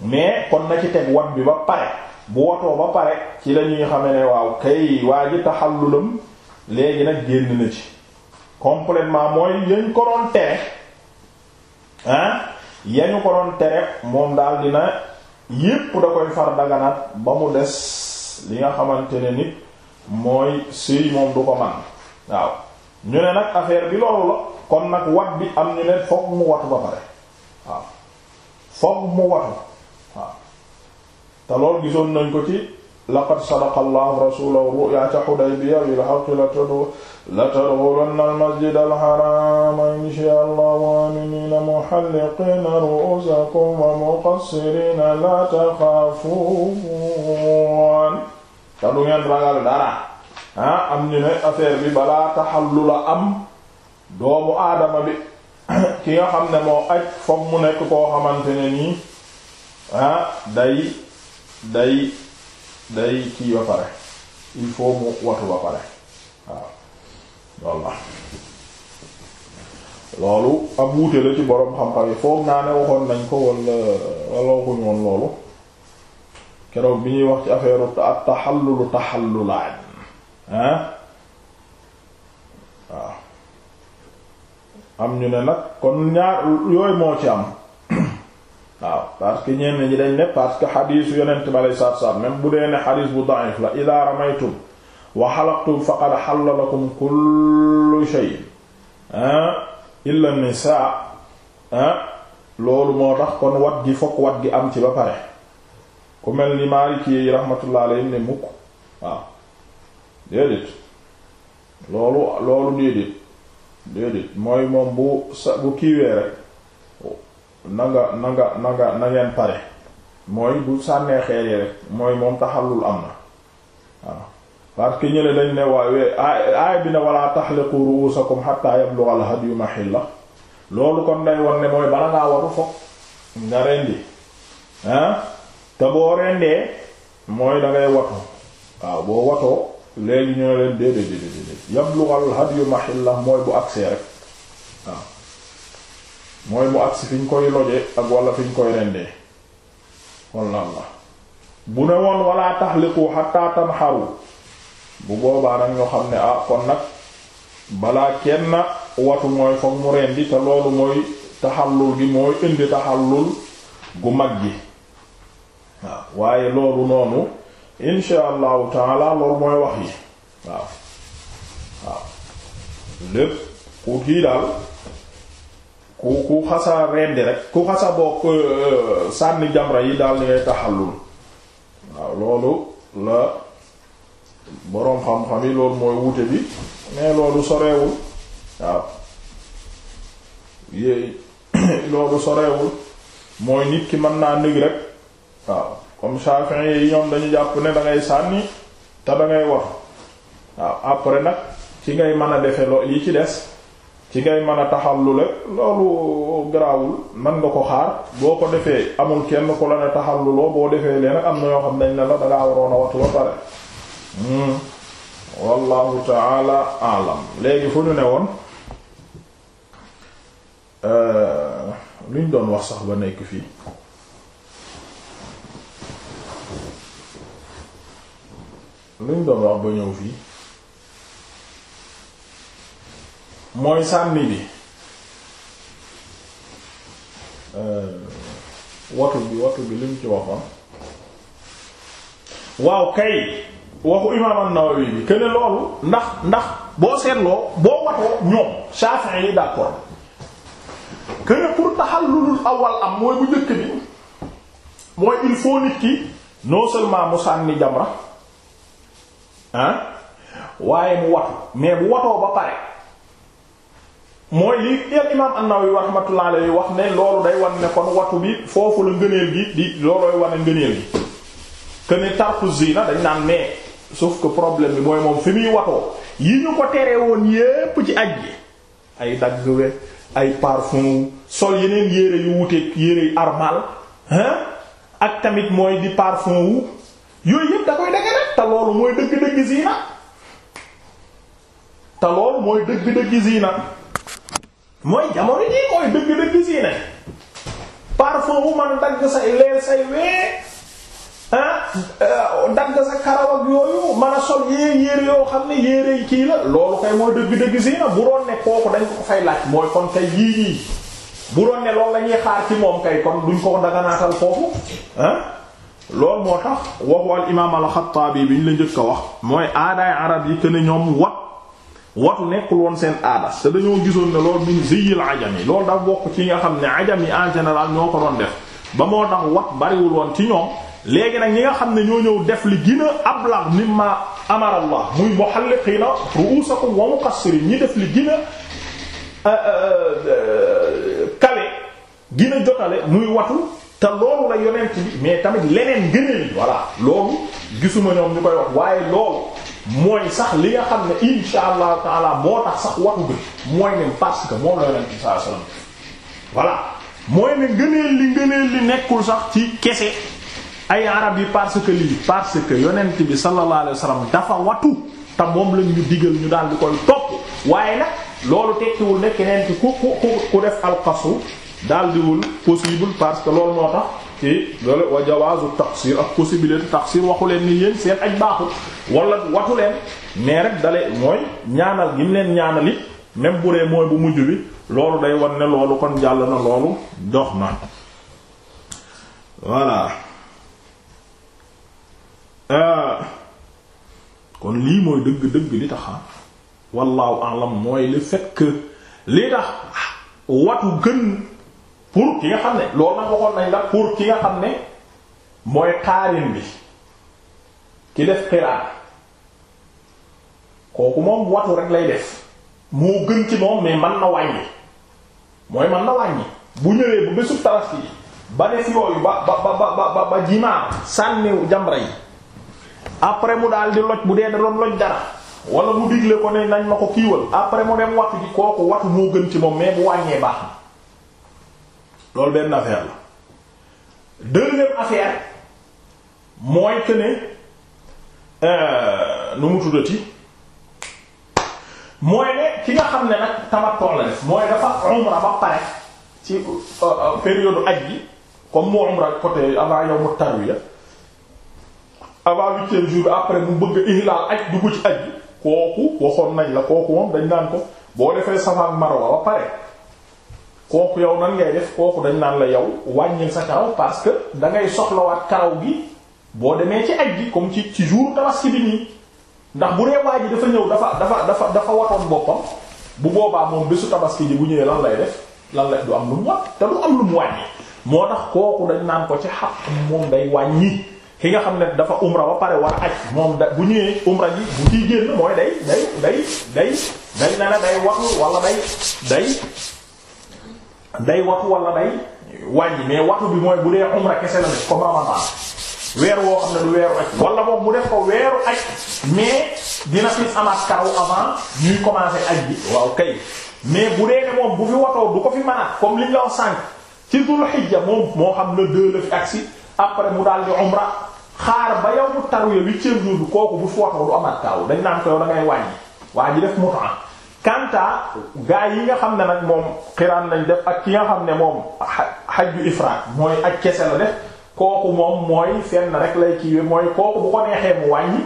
mais kon na ci teg wat bi ba pare bu watoo ba pare ci la ñuy xame ne waaw kay waa ji taxallulam léegi nag génn na ci complètement mooy yañ ko doon tere tere moom daal dina yépp da koy far daganaat des li nga xamante ne nit mooy sëy moom du ko man waaw ñu ne nag affaire bi loolu la kon nag wat am ñu ne fokk mu watu ba pare waaw fokk mu watu waaw te lool gisoon nañ ko ci laqad sadaqa allahu rasulahu ru'ya ca Hudaybiya bil haqq la al masjid al haram insha allahu aminina muhalliqina ru'usakum wa muqassirina la taxaafuun te du ngeen ragal dara Ah, am ñu ne affaire bi balaa taxallu la am doomu aadama bi ki nga xam ne moom ak foog mu nekk koo xamante ne nii ah, day day day kii ba pare il faut mu watu ba pare waaw walla loolu ab wuute la ci boroom xam-xam yi foog naa ne waxoon nañ ko wala wala waxuñu woon loolu keroog bi ñuy wax ci affaire at taxallulu taxallulaat hein waaw ah. am ñu ne nag kon ñaar yooyu moo ci am waaw parce que ñenn ñi dañ ne parce que xadiisu yonent bi alei satu salaam même bu dee ne xadiis bu da'if la ida ramaytum wa xalaqtum faqad xalla lakum loolu moo tax kon wat gi fokk wat gi am ci ba pare ku mel ni Maliki yi rahmatullah alayhi ne mukk waaw déedéet loolu loolu déedéet déedéet mooy moom bu sa bu kiiwee rek na nga na nga pare mooy bu sànnee xeeyee rek mooy moom taxalul am na waaw parce que ñële dañ ne waaye aay bi ne wala tahliqu ru'usakum hatta yablugha al-hadyu mahilla loolu kon day won ne mooy bala ngaa waru fokk nga rendi ah te boo rendee mooy da watu waaw boo watoo léegi ñu ne leen déedéet déedéet yablughal hadyu mahillah mooy bu agsee rek waaw mooy bu agsi fi ñu koy loje ak wala fi ñu koy rendee wallahu la bu ne woon wala tahliqu hatta tanharu bu boobaa nag ñoo xam ne ah kon nag balaa kenn watu mooy foog mu rendi te loolu mooy taxallul gi mooy indi taxallul gu mag gi waaw waaye loolu noonu insha allahu taala loolu mooy wax yi waaw waaw lépp ku kii daal ku ku xasa rendi rek ku xasa bokk euh, euh, sànni jamra yi daal ni ngay taxallul waaw loolu la boroom xam-xam yi loolu mooy wuute bi mais loolu sorewul waaw yéey loolu sorewul mooy nit ki mën naa nëg rek waaw comme Shafi'i yi ñoom dañu jàpp ne da ngay sànni te da ngay wax waaw après nag ci ngay mën a defe loo yi ci des ci ngay mën a lu la loolu garaawul man nga ko xaar boo ko defee amul kenn ku la ne loo boo defee leen am na yoo xam dañ ne la dangaa waroon a waxtu ba pare hmm. wallahu taala alam léegi fu ñu ne woon euh, luñ doon wax sax ba nekk fii luñ doon wax ba ñëw fii mooy sànni bi euh, watu bi watu bi luñ ci waxoon waaw kay waxu imaam nawawi bi que loolu ndax ndax boo seetloo boo watoo ñoom Shafi'i yi d'accord que ne pour tahallulul awal am mooy bu njëkk bi mooy il faut nit ki non seulement mu sànni jamra ah waaye mu watu mais bu watoo ba pare mooy li el imam an-Nawawi rahmatullah alayhi wax ne loolu day wan ne kon watu bi foofu la ngëneel gi di loolooy wane ngëneel gi que ne tarku zina dañ naan mais sauf que problème bi mooy moom fi muy watoo yi ñu ko tere woon yépp ci aj gi ay dagg we ay parfum sol yeneen yére yu wuteeg yére yu armal hein ak tamit mooy di parfum wu yooyu yëpp da koy daganal te loolu mooy dëgg-dëgg ziina te loolu mooy dëgg-dëgg ziina mooy jamono jii mooy dëgg-dëgg ziina parfum bu man ah, euh, sa a sol yéer yéer yoo xam ne yére yi kii la loolu kay mooy dëgg-dëgg ziina bu doon ne kooku dañ ko fay laaj mooy kon kay yii yii bu doon ne loolu la ñuy xaar ci moom kay kon duñ ko daganaatal foofu ah. lool moo tax waxu al imaam alxataabi bi ñu la njëkk a wax mooy aadaay arab yi que ne ñoom wat watu nekkul woon seen aada te dañoo gisoon ne loolu min ziyil ajami loolu dafa bokk ci nga xam ne ajam yi en général ñoo ko doon def ba moo tax wat bariwul woon ci ñoom léegi nag ñi nga xam ne ñoo ñëw def li gën a ablag mimma amara Allah muy muhalliqiina ru'uusakum wa muqassiriin ñi def li gën a euh, euh, euh, kale gën jotale muy watu te loolu la yonent bi mais tamit leneen gëneel voilà loolu gisuma ñoom ñu koy wax waaye loolu mooy sax li nga xam ne insha allahu taala moo tax sax waxu bi mooy ne parce que moom la yonent bi voilà mooy ne ngëneel li ngëneel li nekkul sax ci kese ay arab yi parce que lii parce que yonent bi sallallahu alayhi wasallam dafa watu te moom lañ ñu digal ñu daal di koy topp waaye nag loolu tekkiwul ne keneen ci ku ku ku def alqasu daldiwul possible parce que loolu moo tax ci loolu wa jawaazu ak possibilité taqsir waxu leen ni yéen seen aj baaxul wala watu leen mais rek dale mooy ñaanal gi mu leen ñaanali it bu dee mooy bu mujj bi loolu day wan ne loolu kon jàll na loolu dox na voilà euh, kon mooy li tax ah. li tax watu gën pour ki nga xam ne loolu nag waxoon nañ la pour ki nga xam ne mooy xaarin bi ki def xiraat kooku moom watu rek lay def moo gën ci moom mais man na wàññi mooy man na wàññi bu ñëwee bu bésu tabaski ba def yooyu ba ba ba ba ba jimaa sànni jamra yi après mu daal di loj bu dee da doon loj dara wala mu digle ko ne nañ ma ko kiiwal après mu dem watu ji kooku watu moo gën ci moom mais bu wàññee baax na loolu benn affaire la deuxième affaire mooy que ne euh, nu mu tuddati mooy ne ki nga xam ne nag tamattu la def mooy dafa umra ba pare ci euh, euh, période aj yi comme moo umra côté avant yawmu tarwiya avant huitième jour bi après mu bëgg ihlaal aj dugg ci aj bi kooku waxoon nañ la kooku moom dañ naan ko boo defee Safa ak ba pare kooku yow nan ngay def kooku dañ naan la yow wàññil sa karaw parce que da ngay soxlawaat karaw gi boo demee ci aj gi comme ci ci jour tabaski bi nii ndax bu dee waa ji dafa ñëw dafa dafa dafa dafa watoon boppam bu boobaa moom bésu tabaski bi bu ñëwee lan lay def lan lay du am lu mu wax te du am lu mu wàññi moo tax kooku dañ naan ko ci xaq moom day wàññi ki nga xam ne dafa umra ba pare war a aj moom da bu ñëwee umra ji bu ciy génn mooy day day day day day na ne day day day watu wala day wàññi mais watu bi mooy bu dee umra kese la def comme ramadan weer woo xam ne du weeru aj wala moom mu def ko weeru aj mais dina fi amaat karaw avant ñuy commencer ak bi waaw kay mais bu dee ne moom bu fi watoo du ko fi manaat comme liñ la wax sànq ci dul xijja moom moo xam ne deux la fi agsi après mu daal di umra xaar ba yow mu tarwiya huitième jour bi kooku bu fi watoo du amaat karaw dañ naan ko yow da wàññi waa ji kanta gaa yi nga xam ne nag moom xiraan lañ def ak ki nga xam ne moom xajju ifraat mooy ak kese la def kooku moom mooy fenn rek lay kiiwe mooy kooku bu ko neexee mu wàññi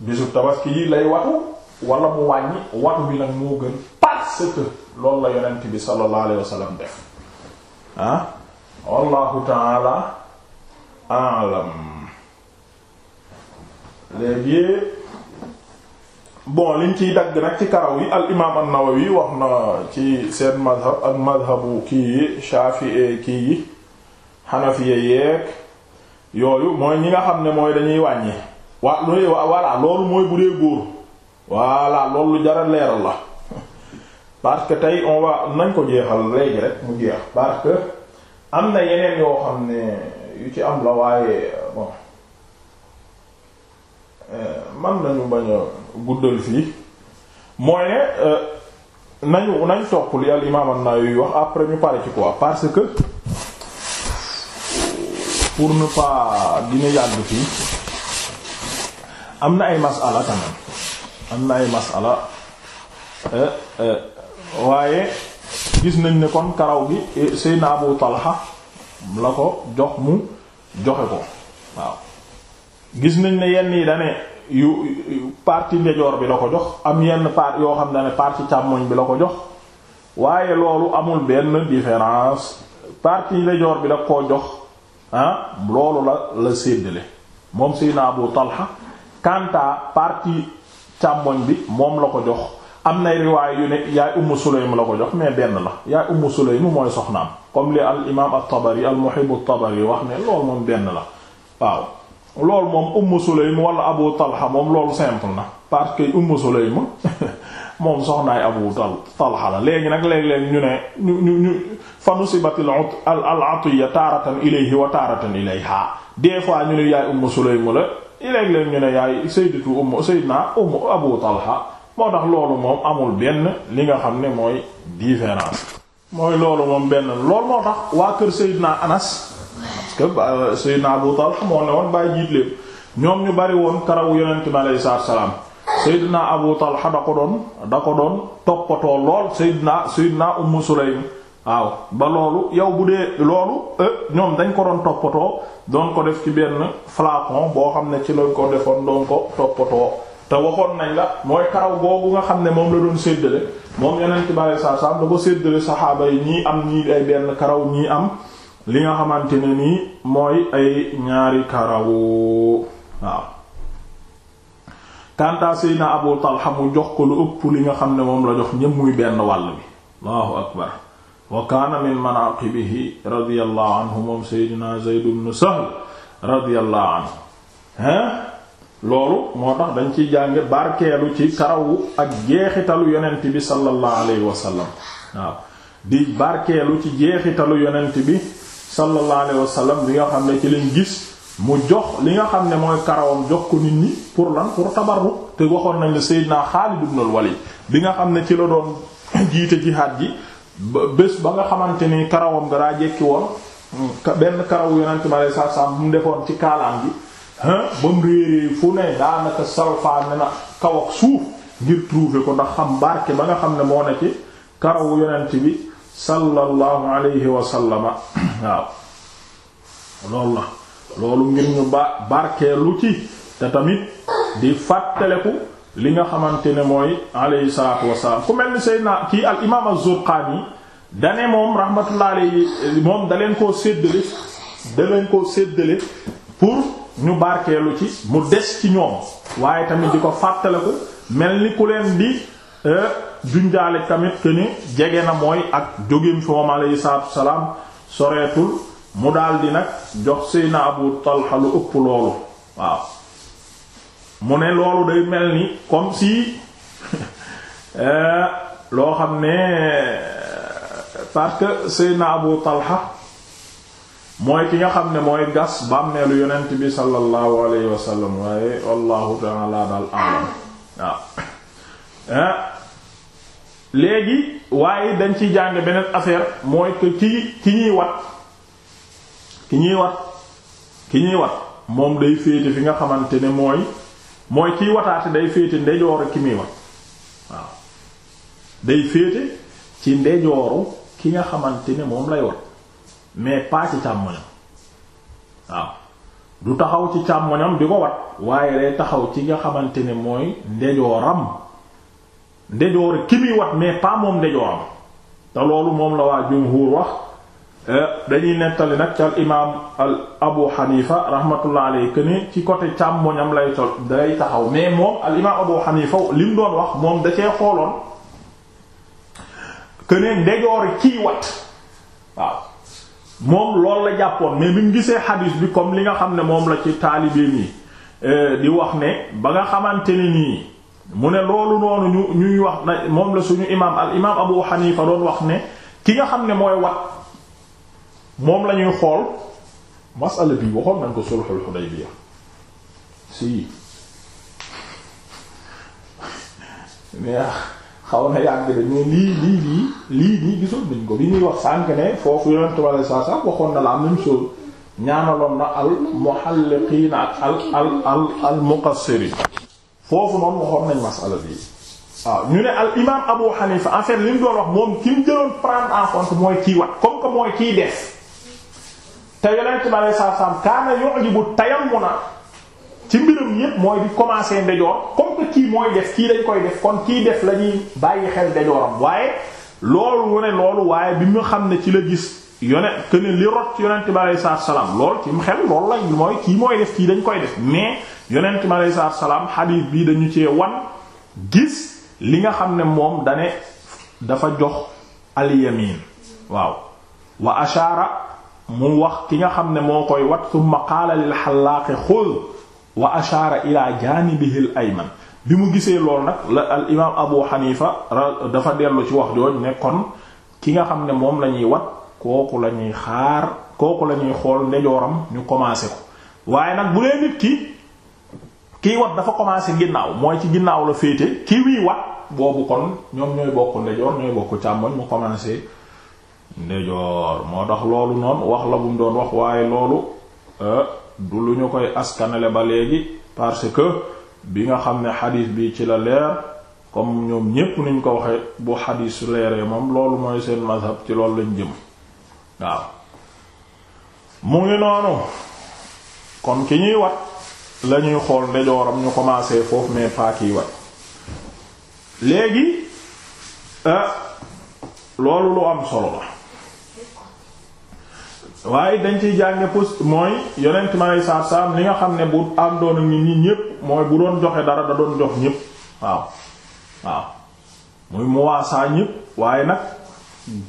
bisu tabaski lay watu wala mu wàññi watu bi nag moo gën parce que la yonent bi sallallahu alayhi def ah wallahu ta'ala a'lam léegi bon liñ ciy dagg nag ci karaw yi al imaam an-Nawawi wax na ci seen madhab ak madhabu kii yi Shafi'i kii yi Hanafiya yeeg yooyu mooy ñi nga xam ne mooy dañuy wàññi waa lu voilà loolu mooy bu dee góor voilà loolu lu leeral la parce que tey on va nañ ko jeexal léegi rek mu jeex parce am na yeneen yoo xam ne yu ci am la waaye bon euh, man nañu bañ guddal fii mooy ne euh, nañu nañ topp li al imaam an-Nawawi wax après ñu pare ci quoi parce que pour ne pas dina yàgg fii am na ay masala tamit am na ay masala euh, euh, waaye gis nañ ne kon karaw gi Seydina Abu Talha la ko jox mu joxe ko waaw gis nañ ne yenn yi dane yu partie ndejoor bi la ko jox am yenn part yoo xam ne partie càmmoñ bi la ko jox waaye loolu amul benn différence partie ndejoor bi la koo jox ah loolu la la séddale moom Seydina Abu Talha kanta partie càmmoñ bi moom la ko jox am nay riwaay yu ne yaay Ummu Sulaym la ko jox mais benn la yaay Ummu Sulaym mooy soxnaam comme li al imaam at-Tabari al-Muhibb at-Tabari wax ne loolu moom benn la waaw loolu moom Umm Sulaym wala Abu Talha moom loolu simple na parce que Umm Sulaym moom soxnaay Abu Talha la léegi nag léeg-léeg ñu ne ñu ñu ñu fa nusibatil al atiya taaratan ilayhi wa taaratan ilayha des fois ñu ne yaay Umm Sulaym la léeg-léeg ñu ne yaay sayyidatu Umm sayyidna Umm Abu Talha moo tax loolu moom amul benn li nga xam ne mooy différence mooy loolu moom benn loolu moo tax waa kër sayyidna Anas parce que euh, Seydina Abu Talha moo ne woon bàyyi jiit leen ñoom ñu bari woon karawu yonent bi alayhi salaatu salaam Seydina Abu Talha da ko doon da ko doon toppatoo lool Seydina Seydina Ummu Sulaym waaw ba loolu yow bu dee loolu euh, ñoom dañ ko doon toppatoo doon ko def ci benn flacon boo xam ne ci lañ ko defoon doon ko toppatoo te waxoon nañ la mooy karaw googu nga xam ne moom la doon séddale moom yonent bi alayhi salaatu salaam da ko séddale saxaaba yi ñii am ñii ay am. li nga xamante ni nii mooy ay ñaari karawu waaw kanta Seydina Abu Talha mu jox ko lu ëpp li nga xam ne moom la jox ñépp muy benn wàll bi Allahu akbar wa kaana min manaaqibihi radiyallahu moom Seydina Zayd ibn Sahl radiyallahu anhu hein loolu moo tax dañ ciy jànge barkeelu ci karawu ak jeexitalu yonent bi sallallahu alayhi wa waaw di barkeelu ci jeexitalu yonent bi sallallahu alayhi wa bi nga xam ne ci lañ gis mu jox li nga xam ne mooy karawam jox ko nit ñi pour lan pour tabarruk te waxoon nañ la Seydina Xaalid ibn al-Walid bi nga xam ne ci la doon jiite jihaad ji bés ba nga xamante ni karawam nga daa jekki woon hmm, benn karaw yonent ma lay sarsam mu defoon ci kaalaam bi ba mu réeree fu ne daanaka salfaane na kaw ak suuf ngir trouver ko ndax xam barke ba nga xam ne moo ne ci karawu yonent bi sallallahu alayhi wa sallama waaw loolu la loolu ngir ñu ba barkeelu ci te tamit di fàttaleku li nga xamante ne mooy alayhi salaatu wasalaam ku mel ni Seydina kii al imaam az-Zurqaani dane moom rahmatullah alayhi moom da koo séddale da koo séddale pour ñu barkeelu ci mu des ci ñoom waaye tamit di ko fàttaleku mel ni ku leen di euh, junjaale tamit que ni jege na mooy ak jógeem fi moom aleyhi soreetul mu daldi nag jox seyna Abu Talha lu ëpp loolu waaw mu ne loolu day mel ni comme si euh, loo xam ne euh, parce que seyna Abu Talha mooy ki nga xam ne mooy gas bàmmeelu yonent bi sallallahu alayhi wa sallam waaye wallahu ta'ala daal a'lam waaw euh, léegi waaye dañ ciy jàng beneen affaire mooy que ki ki ñuy wat ki ñuy wat ki ñuy wat moom day féete fi nga xamante ne mooy mooy kiy wataate day féete ndejooru ki muy wat waaw day féete ci ndejooru ki nga xamante ne moom lay wat mais pas ci càmmoñam waaw du taxaw ci càmmoñam di ko wat waaye day taxaw ci nga xamante ne mooy ndejooram ndejoor ki muy wat mais pas moom ndejooram te loolu moom la waa jumhur wax eh, dañuy nettali nag ca al imaam al abu xanifa rahmatullah alayhi que ni ci côté càmmoñam lay sol day taxaw mais moom al imaam abu xanifa li mu doon wax moom da cee xooloon que ne ndejoori kiy wat waaw moom loolu la jàppoon mais bi mu gisee xadiis bi comme li nga xam ne moom la ci taalibe yi eh, di wax ne ba nga xamante ne nii. mu ne loolu noonu ñu ñuy wax moom la suñu imaam al imaam Abu Hanifa doon wax ne ki nga xam ne mooy wat moom lañuy xool masala bi waxoon nañ ko sulhul Hudaybiya si mais xaw na yàgg de mais lii lii lii lii nii gisoon nañ ko bi ñuy wax sànk ne foofu yonent wala saa saa waxoon na la même chose ñaanaloon na al muhalliqiin ak al al al al foofu noonu waxoon nañ masala bi waaw ñu ne al imaam Abu Hanifa en fait li mu doon wax moom ki mu jëloon prendre en mooy kii wax comme que mooy kii def te yonent bi alayhi salaatu salaam kaana ci mbiram yépp mooy di commencer ndejoor comme que def kii dañ koy def kon kii def la ñuy bàyyi xel ndejooram waaye loolu mu ne loolu waaye bi mu xam ne ci la gis yone que ne li rot ci yonent bi alayhi salaatu salaam lool ci mu xel loolu lañ mooy kii mooy def kii dañ koy def mais. yonent mi aleyhi salaatu salaam xadiis bii dañu ci wan gis li nga xam ne moom dane dafa jox alyamin waaw wa ashaara mu wax ki nga xam ne moo koy wat summa qaala lil xallaaqi xud wa ashaara ila ay ayman bi mu gisee lool nag la al imaam abu xanifa dafa dellu ci wax jooj nekkoon ki nga xam ne moom la ñuy wat kooku la ñuy xaar kooku la ñuy xool ndejooram ñu commencé ko waaye nag bu dee nit ki kii wat dafa commencé ginnaaw mooy ci ginnaaw la féete kii wii wat boobu kon ñoom ñooy bokk ndejoor ñooy bokk càmmoñ mu commencé ndejoor moo tax loolu noonu wax la bu mu doon wax waaye loolu euh, du lu ñu koy askanale ba léegi parce que bi nga xam ne xadiis bi ci la leer comme ñoom ñépp niñ ko waxee bu xadiis leeree moom loolu mooy seen mazhab ci loolu lañ jëm waaw mu ngi noonu kon ki ñuy wat la ñuy xool ndejooram ñu commencé foofu mais pas kii wat léegi euh, loolu lu am solo la waaye dañ ciy jànge post mooy yonent ma lay saab saab li nga xam ne bu am doon nit ñépp mooy bu doon joxe dara da doon jox ñépp waaw waaw muy muwaasaa ñépp waaye nag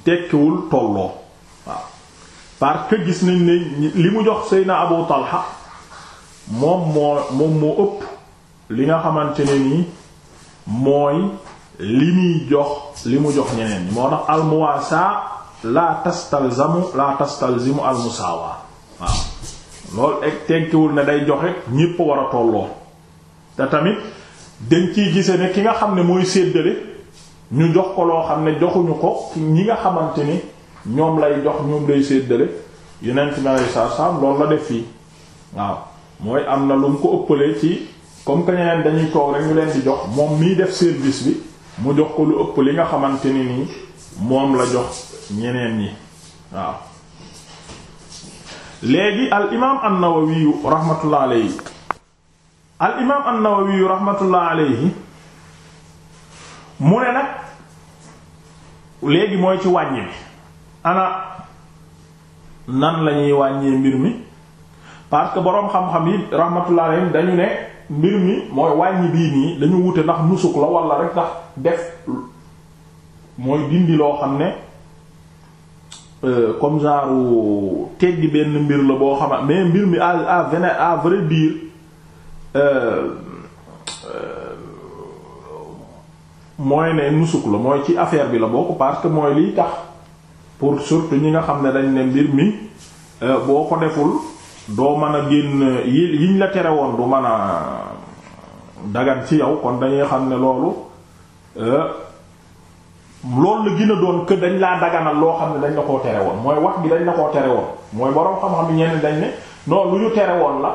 tekkiwul tolloo waaw parce que gis nañ li mu jox Seydina Abu Talha moom moo moom moo ëpp li nga xamante ne nii mooy li muy jox li mu jox ñeneen ñi moo tax almuwaasa la tastalzamu la tastalzimu almusaawa waaw loolu ek tekkiwul ne day joxe ñépp war a tolloo te tamit dañ ci gise ne ki nga xam ne mooy séddale ñu jox ko loo xam ne joxuñu ko ñi nga xamante ni ñoom lay jox ñoom lay séddale yeneen ci lay saar loolu la def fii waaw mooy am na lu mu ko ëppalee ci comme que ñeneen dañuy toog rek ñu leen di jox moom miy def service bi mu jox ko lu ëpp li nga xamante ni nii moom la jox ñeneen ñi waaw léegi al imaam an-Nawawi rahmatullah alayhi al imaam an mu ne nag léegi mooy ci wàññi bi ana nan lañuy wàññee mbir mi parce que boroom xam-xam yi rahmatullah dañu ne mbir mi mooy wàññi bii nii dañu wute ndax nusuk la wala rek ndax def mooy dindi loo xam ne euh, comme genre teggi benn mbir la boo xam mais mbir mi à vrai à vrai dire euh, euh, mooy ne nusuk la mooy ci affaire bi la bokk parce que mooy liy tax pour surtout ñi nga xam ne dañ ne mbir mi boo ko deful doo mën a génn yi yiñ la tere woon du mën a dagan si yow kon dañuy xam ne loolu euh, loolu la gën a doon que dañ laa daganal loo xam ne dañ la koo tere woon mooy wax gi dañ la koo tere woon mooy boroom xam-xam yi ñenn dañ ne non lu ñu tere woon la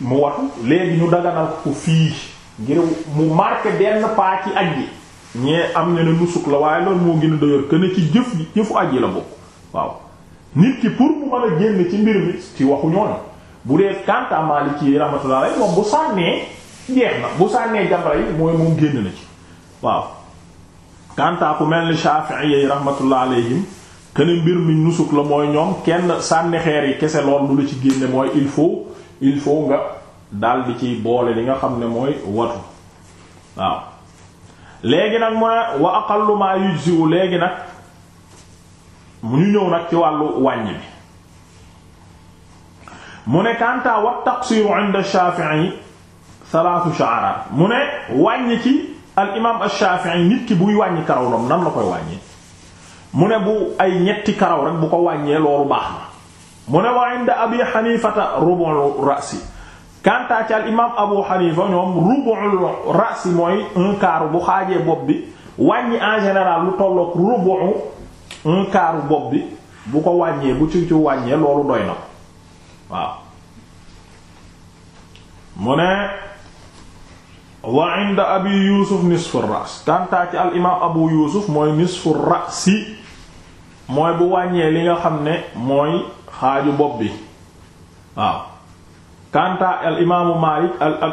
mu watu léegi ñu daganal ko fii ngir mu marqué benn pas ci aj gi ñee am na ne nusuk la waaye loolu moo gën a dëgër ne ci jëf jëfu aj yi la bokk waaw nit ki pour mu mën a génn ci mbir mi ci waxu ñooñu bu dee kanta ci yi rahmatullah alayhi bu sànnee jeex na bu sànnee jamra yi mooy moom génn na ci waaw kanta ku mel ni Shafi'i yi rahmatullah alayhim kenn mbir mi nusuk la mooy ñoom kenn sànni xeer yi kese lool du la ci génne mooy il faut il faut nga dal di ci boole li nga xam ne mooy watu waaw léegi nag mu ne wa aqallu ma léegi nag mu ñu ñëw nag ci wàllu wàññi bi mu ne kanta wa taqsiru inda Shafi'i mu ne wàññi ci al imaam ash-Shafi'i nit ki buy wàññi karaw loom nan la koy wàññi mu ne bu ay ñetti karaw rek bu ko wàññee loolu baax na mu ne wa Abi Hanifata rubu'u ra'si kanta ci al imaam Abu Hanifa ñoom rubu'u ra'si mooy un bu xaajee bopp bi wàññi en général lu tollook rubu'u un quart bopp bi bu ko wàññee bu ci ci wàññee loolu doy na ko waaw mu ne wa inda abi yusuf nisfu ras kantaa ci al imaam abu yusuf mooy nisfu rasi mooy bu wàññee li nga xam ne mooy xaaju bopp bi waaw kantaa al imaamu maalik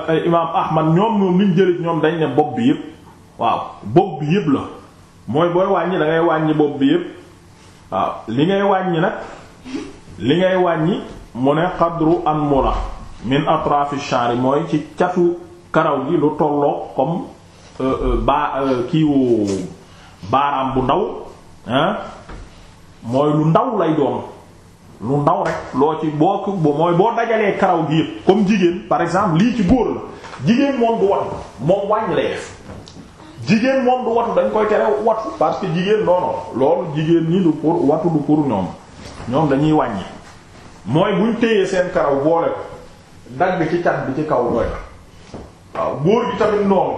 al imaam ahmad ñoom ñoom liñ jëlit ñoom dañ ne bopp bi yëpp waaw bopp bi yépp la mooy booy wàññi da ngay wàññi bopp bi yépp waaw li ngay wàññi nag li ngay wàññi mu ne xadru an mula min atrafi shari mooy ci catu karaw gi lu tolloo comme euh, euh, ba euh, kiiwu baaraam bu ndaw ah mooy lu ndaw lay doon lu ndaw rek loo ci boo ko mooy boo dajalee karaw gi comme jigéen par exemple lii ci góor la jigéen moom du wan moom wàññi lay jigéen moom du watu dañ koy tere watu parce que jigéen non non loolu jigéen ñi du pour watu du pour ñoom ñoom dañuy wàññi mooy buñ téyee seen karaw boole ko dagg ci cat bi ci kaw doy waaw góor gi tamit noonu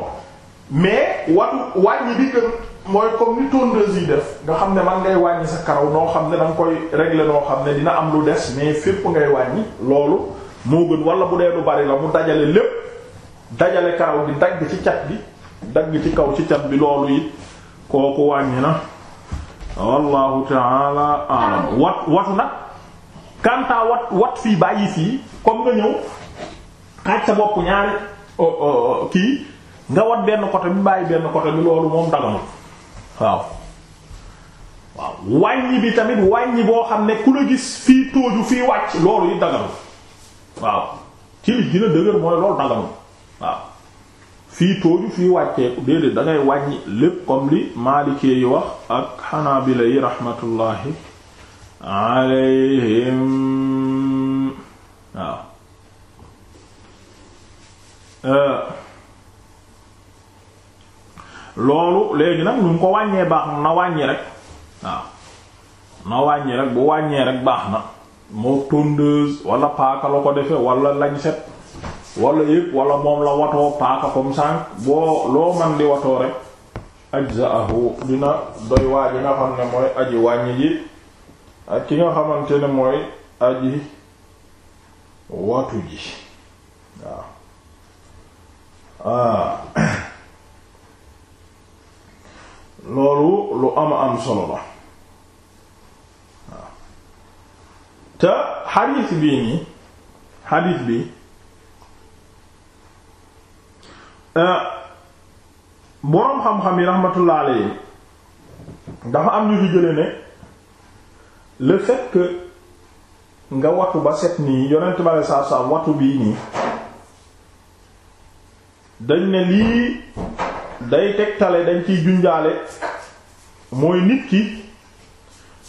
mais watu wàññi bi gën mooy comme ni tondeuse yi def nga xam ne man ngay wàññi sa karaw noo xam ne da nga koy régler noo xam ne dina am lu des mais fépp ngay wàññi loolu moo gën wala bu dee lu bari la mu dajale lépp dajale karaw bi dagg ci cat bi dagg ci kaw ci cat bi loolu it kooku wàññi na wallahu taala wat wat nag kantaa wat wat fii bàyyi fii comme nga ñëw xaaj sa bopp ñaari oh, oh, oh, kii nga wat benn côté bi bàyyi benn côté bi loolu moom daganul waaw waaw wàññi bi tamit wàññi boo xam ne ku la gis fii tóoju fii wàcc loolu yi daganul waaw ci li gën dëgër mooy loolu daganul waaw fii tóoju fii wàcceeku déedéet da wàññi lépp comme li maalikee yi wax ak xanaa yi raxmatullaahi alayhim waaw euh, loolu léegi nag lu mu ko wàññee baax na na wàññi rek waaw na wàññi rek bu wàññee rek baax na moo tondeuse paaka la ko defe wala set wala yëpp wala moom la watoo paaka comme sànq boo loo man di watoo rek ajzaahu dina doy waa ji xam ne mooy aji wàññi ji ak ki nga xamante ne mooy aji watu ji waaw ah. loolu lu ama am solo la waaw te xadiis bii nii xadiis bi Euh, boroom xam-xam yi rahmatullah alayhi dafa am ñu fi jële ne le fait nga watu ba set nii yonent bale saab-saab watu bii nii dañ ne lii day tegtale dañ ciy junjaale mooy nit ki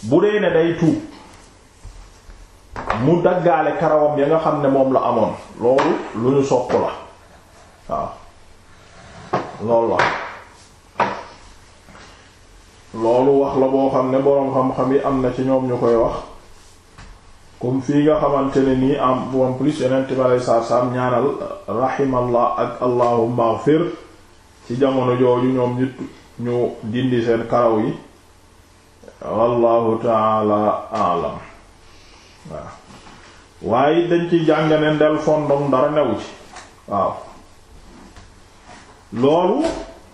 bu dee ne day tuub mu daggaale karawam ya nga xam ne moom la amoon loolu lu ñu sopp la waaw loolu la loolu wax la boo xam ne boroom xam-xam yi am na ci ñoom ñu koy wax kom fii nga xamante ne nii am en plus yonent bi alei saatu salaam ñaanal rahimallah ak allahumma ighfir ci jamono yu ñoom nit ñu dindi seen karaw yi wallahu taala alam waaw waaye dañ ci jànganeen del fondom dara newu ci waaw loolu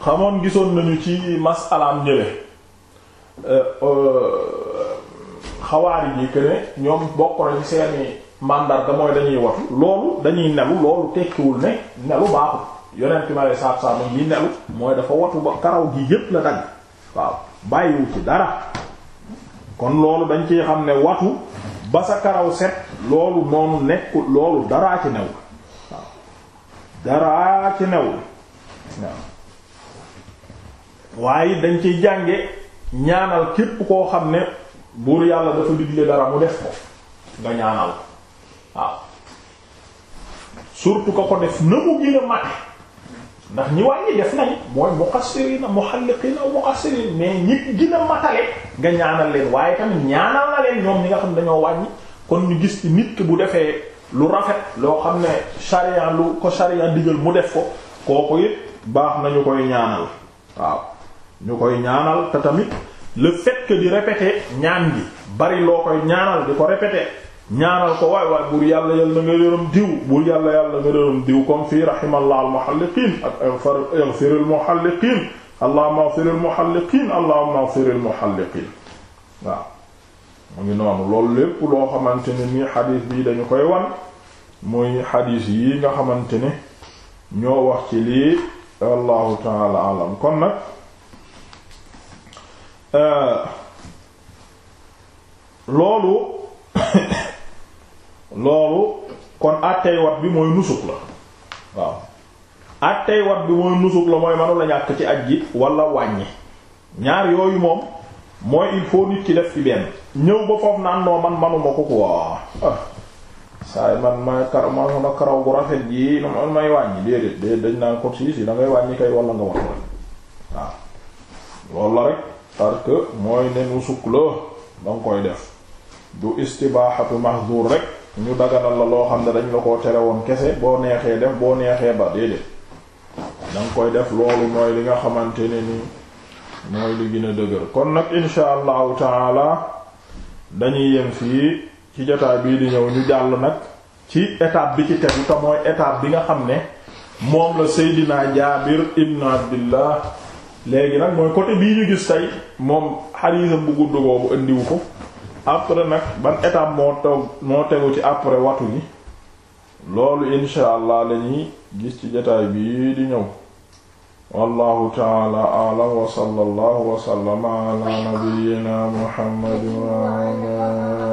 xamoon gisoon nañu ci masalaam ñële euh, euh, xawaari yi que ne ñoom bokk na ci seeni mandarga mooy dañuy wat loolu dañuy nelu loolu tekkiwul ne nelu baaxul yonent ma lay saab saab yi nelu mooy dafa watu ba karaw gii yépp la dagg waaw bàyyiwu ci dara kon loolu dañ ci xam ne watu ba sa karaw set loolu noonu nekkul loolu daraa ci newul waaw daraa ci newul waaw waaye dañ ciy jànge ñaanal képp koo xam ne buur yàlla dafa digle dara mu def ko nga ñaanal ko waaw surtout ko ko def na mu gën a mate ndax ñi wàññi def nañ mooy muqassirina muhalliqina muqassirin mais ñi gën a matale nga ñaanal leen xam ne dañoo wàññi kon ñu gis ci nit ki bu defee lu rafet loo xam ne sharia lu ko sharia digal mu def ko kooku it baax nañu koy ñaanal waaw ñu koy ñaanal te tamit le fait que di répéter ñaan gi bari loo koy ñaanal di ko répéter ñaanal ko waay waay buur yàlla yàlla nga yërëm diw buur yàlla yàlla nga yërëm diw comme fii rahimallah al muhalliqin ak ighfir al muhalliqin allahumma ighfir al muhalliqin allahumma ighfir al muhalliqin waaw mu ngi noonu loolu lépp loo xamante ne nii xadiis bii dañu koy wan muy xadiis yi nga xamante ne ñoo wax ci lii wallahu taala alam kon nag euh, loolu loolu kon àttey wat bi mooy nusuk la waaw àttey wat bi mooy nusuk la mooy mënu la ñàkk ci aj ji wàññi ñaar yooyu moom mooy il faut nit ki def ci benn ñëw ba foofu naan noo man manuma ko quoi ah. saay man ma karaw ma sama karaw bu rafet ji man may wàññi déedéet déedéet dañ naa ko si si da ngay wàññi kay wala nga wax waaw loolu la rek parce que mooy ne nu sukk la da nga koy def du istibaaxatu mahzur rek ñu daganal la loo xam ne dañ la koo tere woon kese boo neexee def boo neexee ba déedéet da koy def loolu mooy li nga xamante ne ni mooy li gën a dëgër kon nag insha allahu taala dañuy yem fii ci jotaay bii di ñëw ñu jàll nag ci étape bi ci tegu te mooy étape bi nga xam ne moom la Seydina Jaabir ibn Abdillah léegi nag mooy côté bii ñu gis tey moom xadiisam bu gudd boobu indiwu ko après nag ban étape moo tegu ci après watu gi loolu insha allah lañuy gis ci jotaay bii di ñëw wallahu taala a'lam wa sallallahu wa sallama ala nabiyyina muhammad wa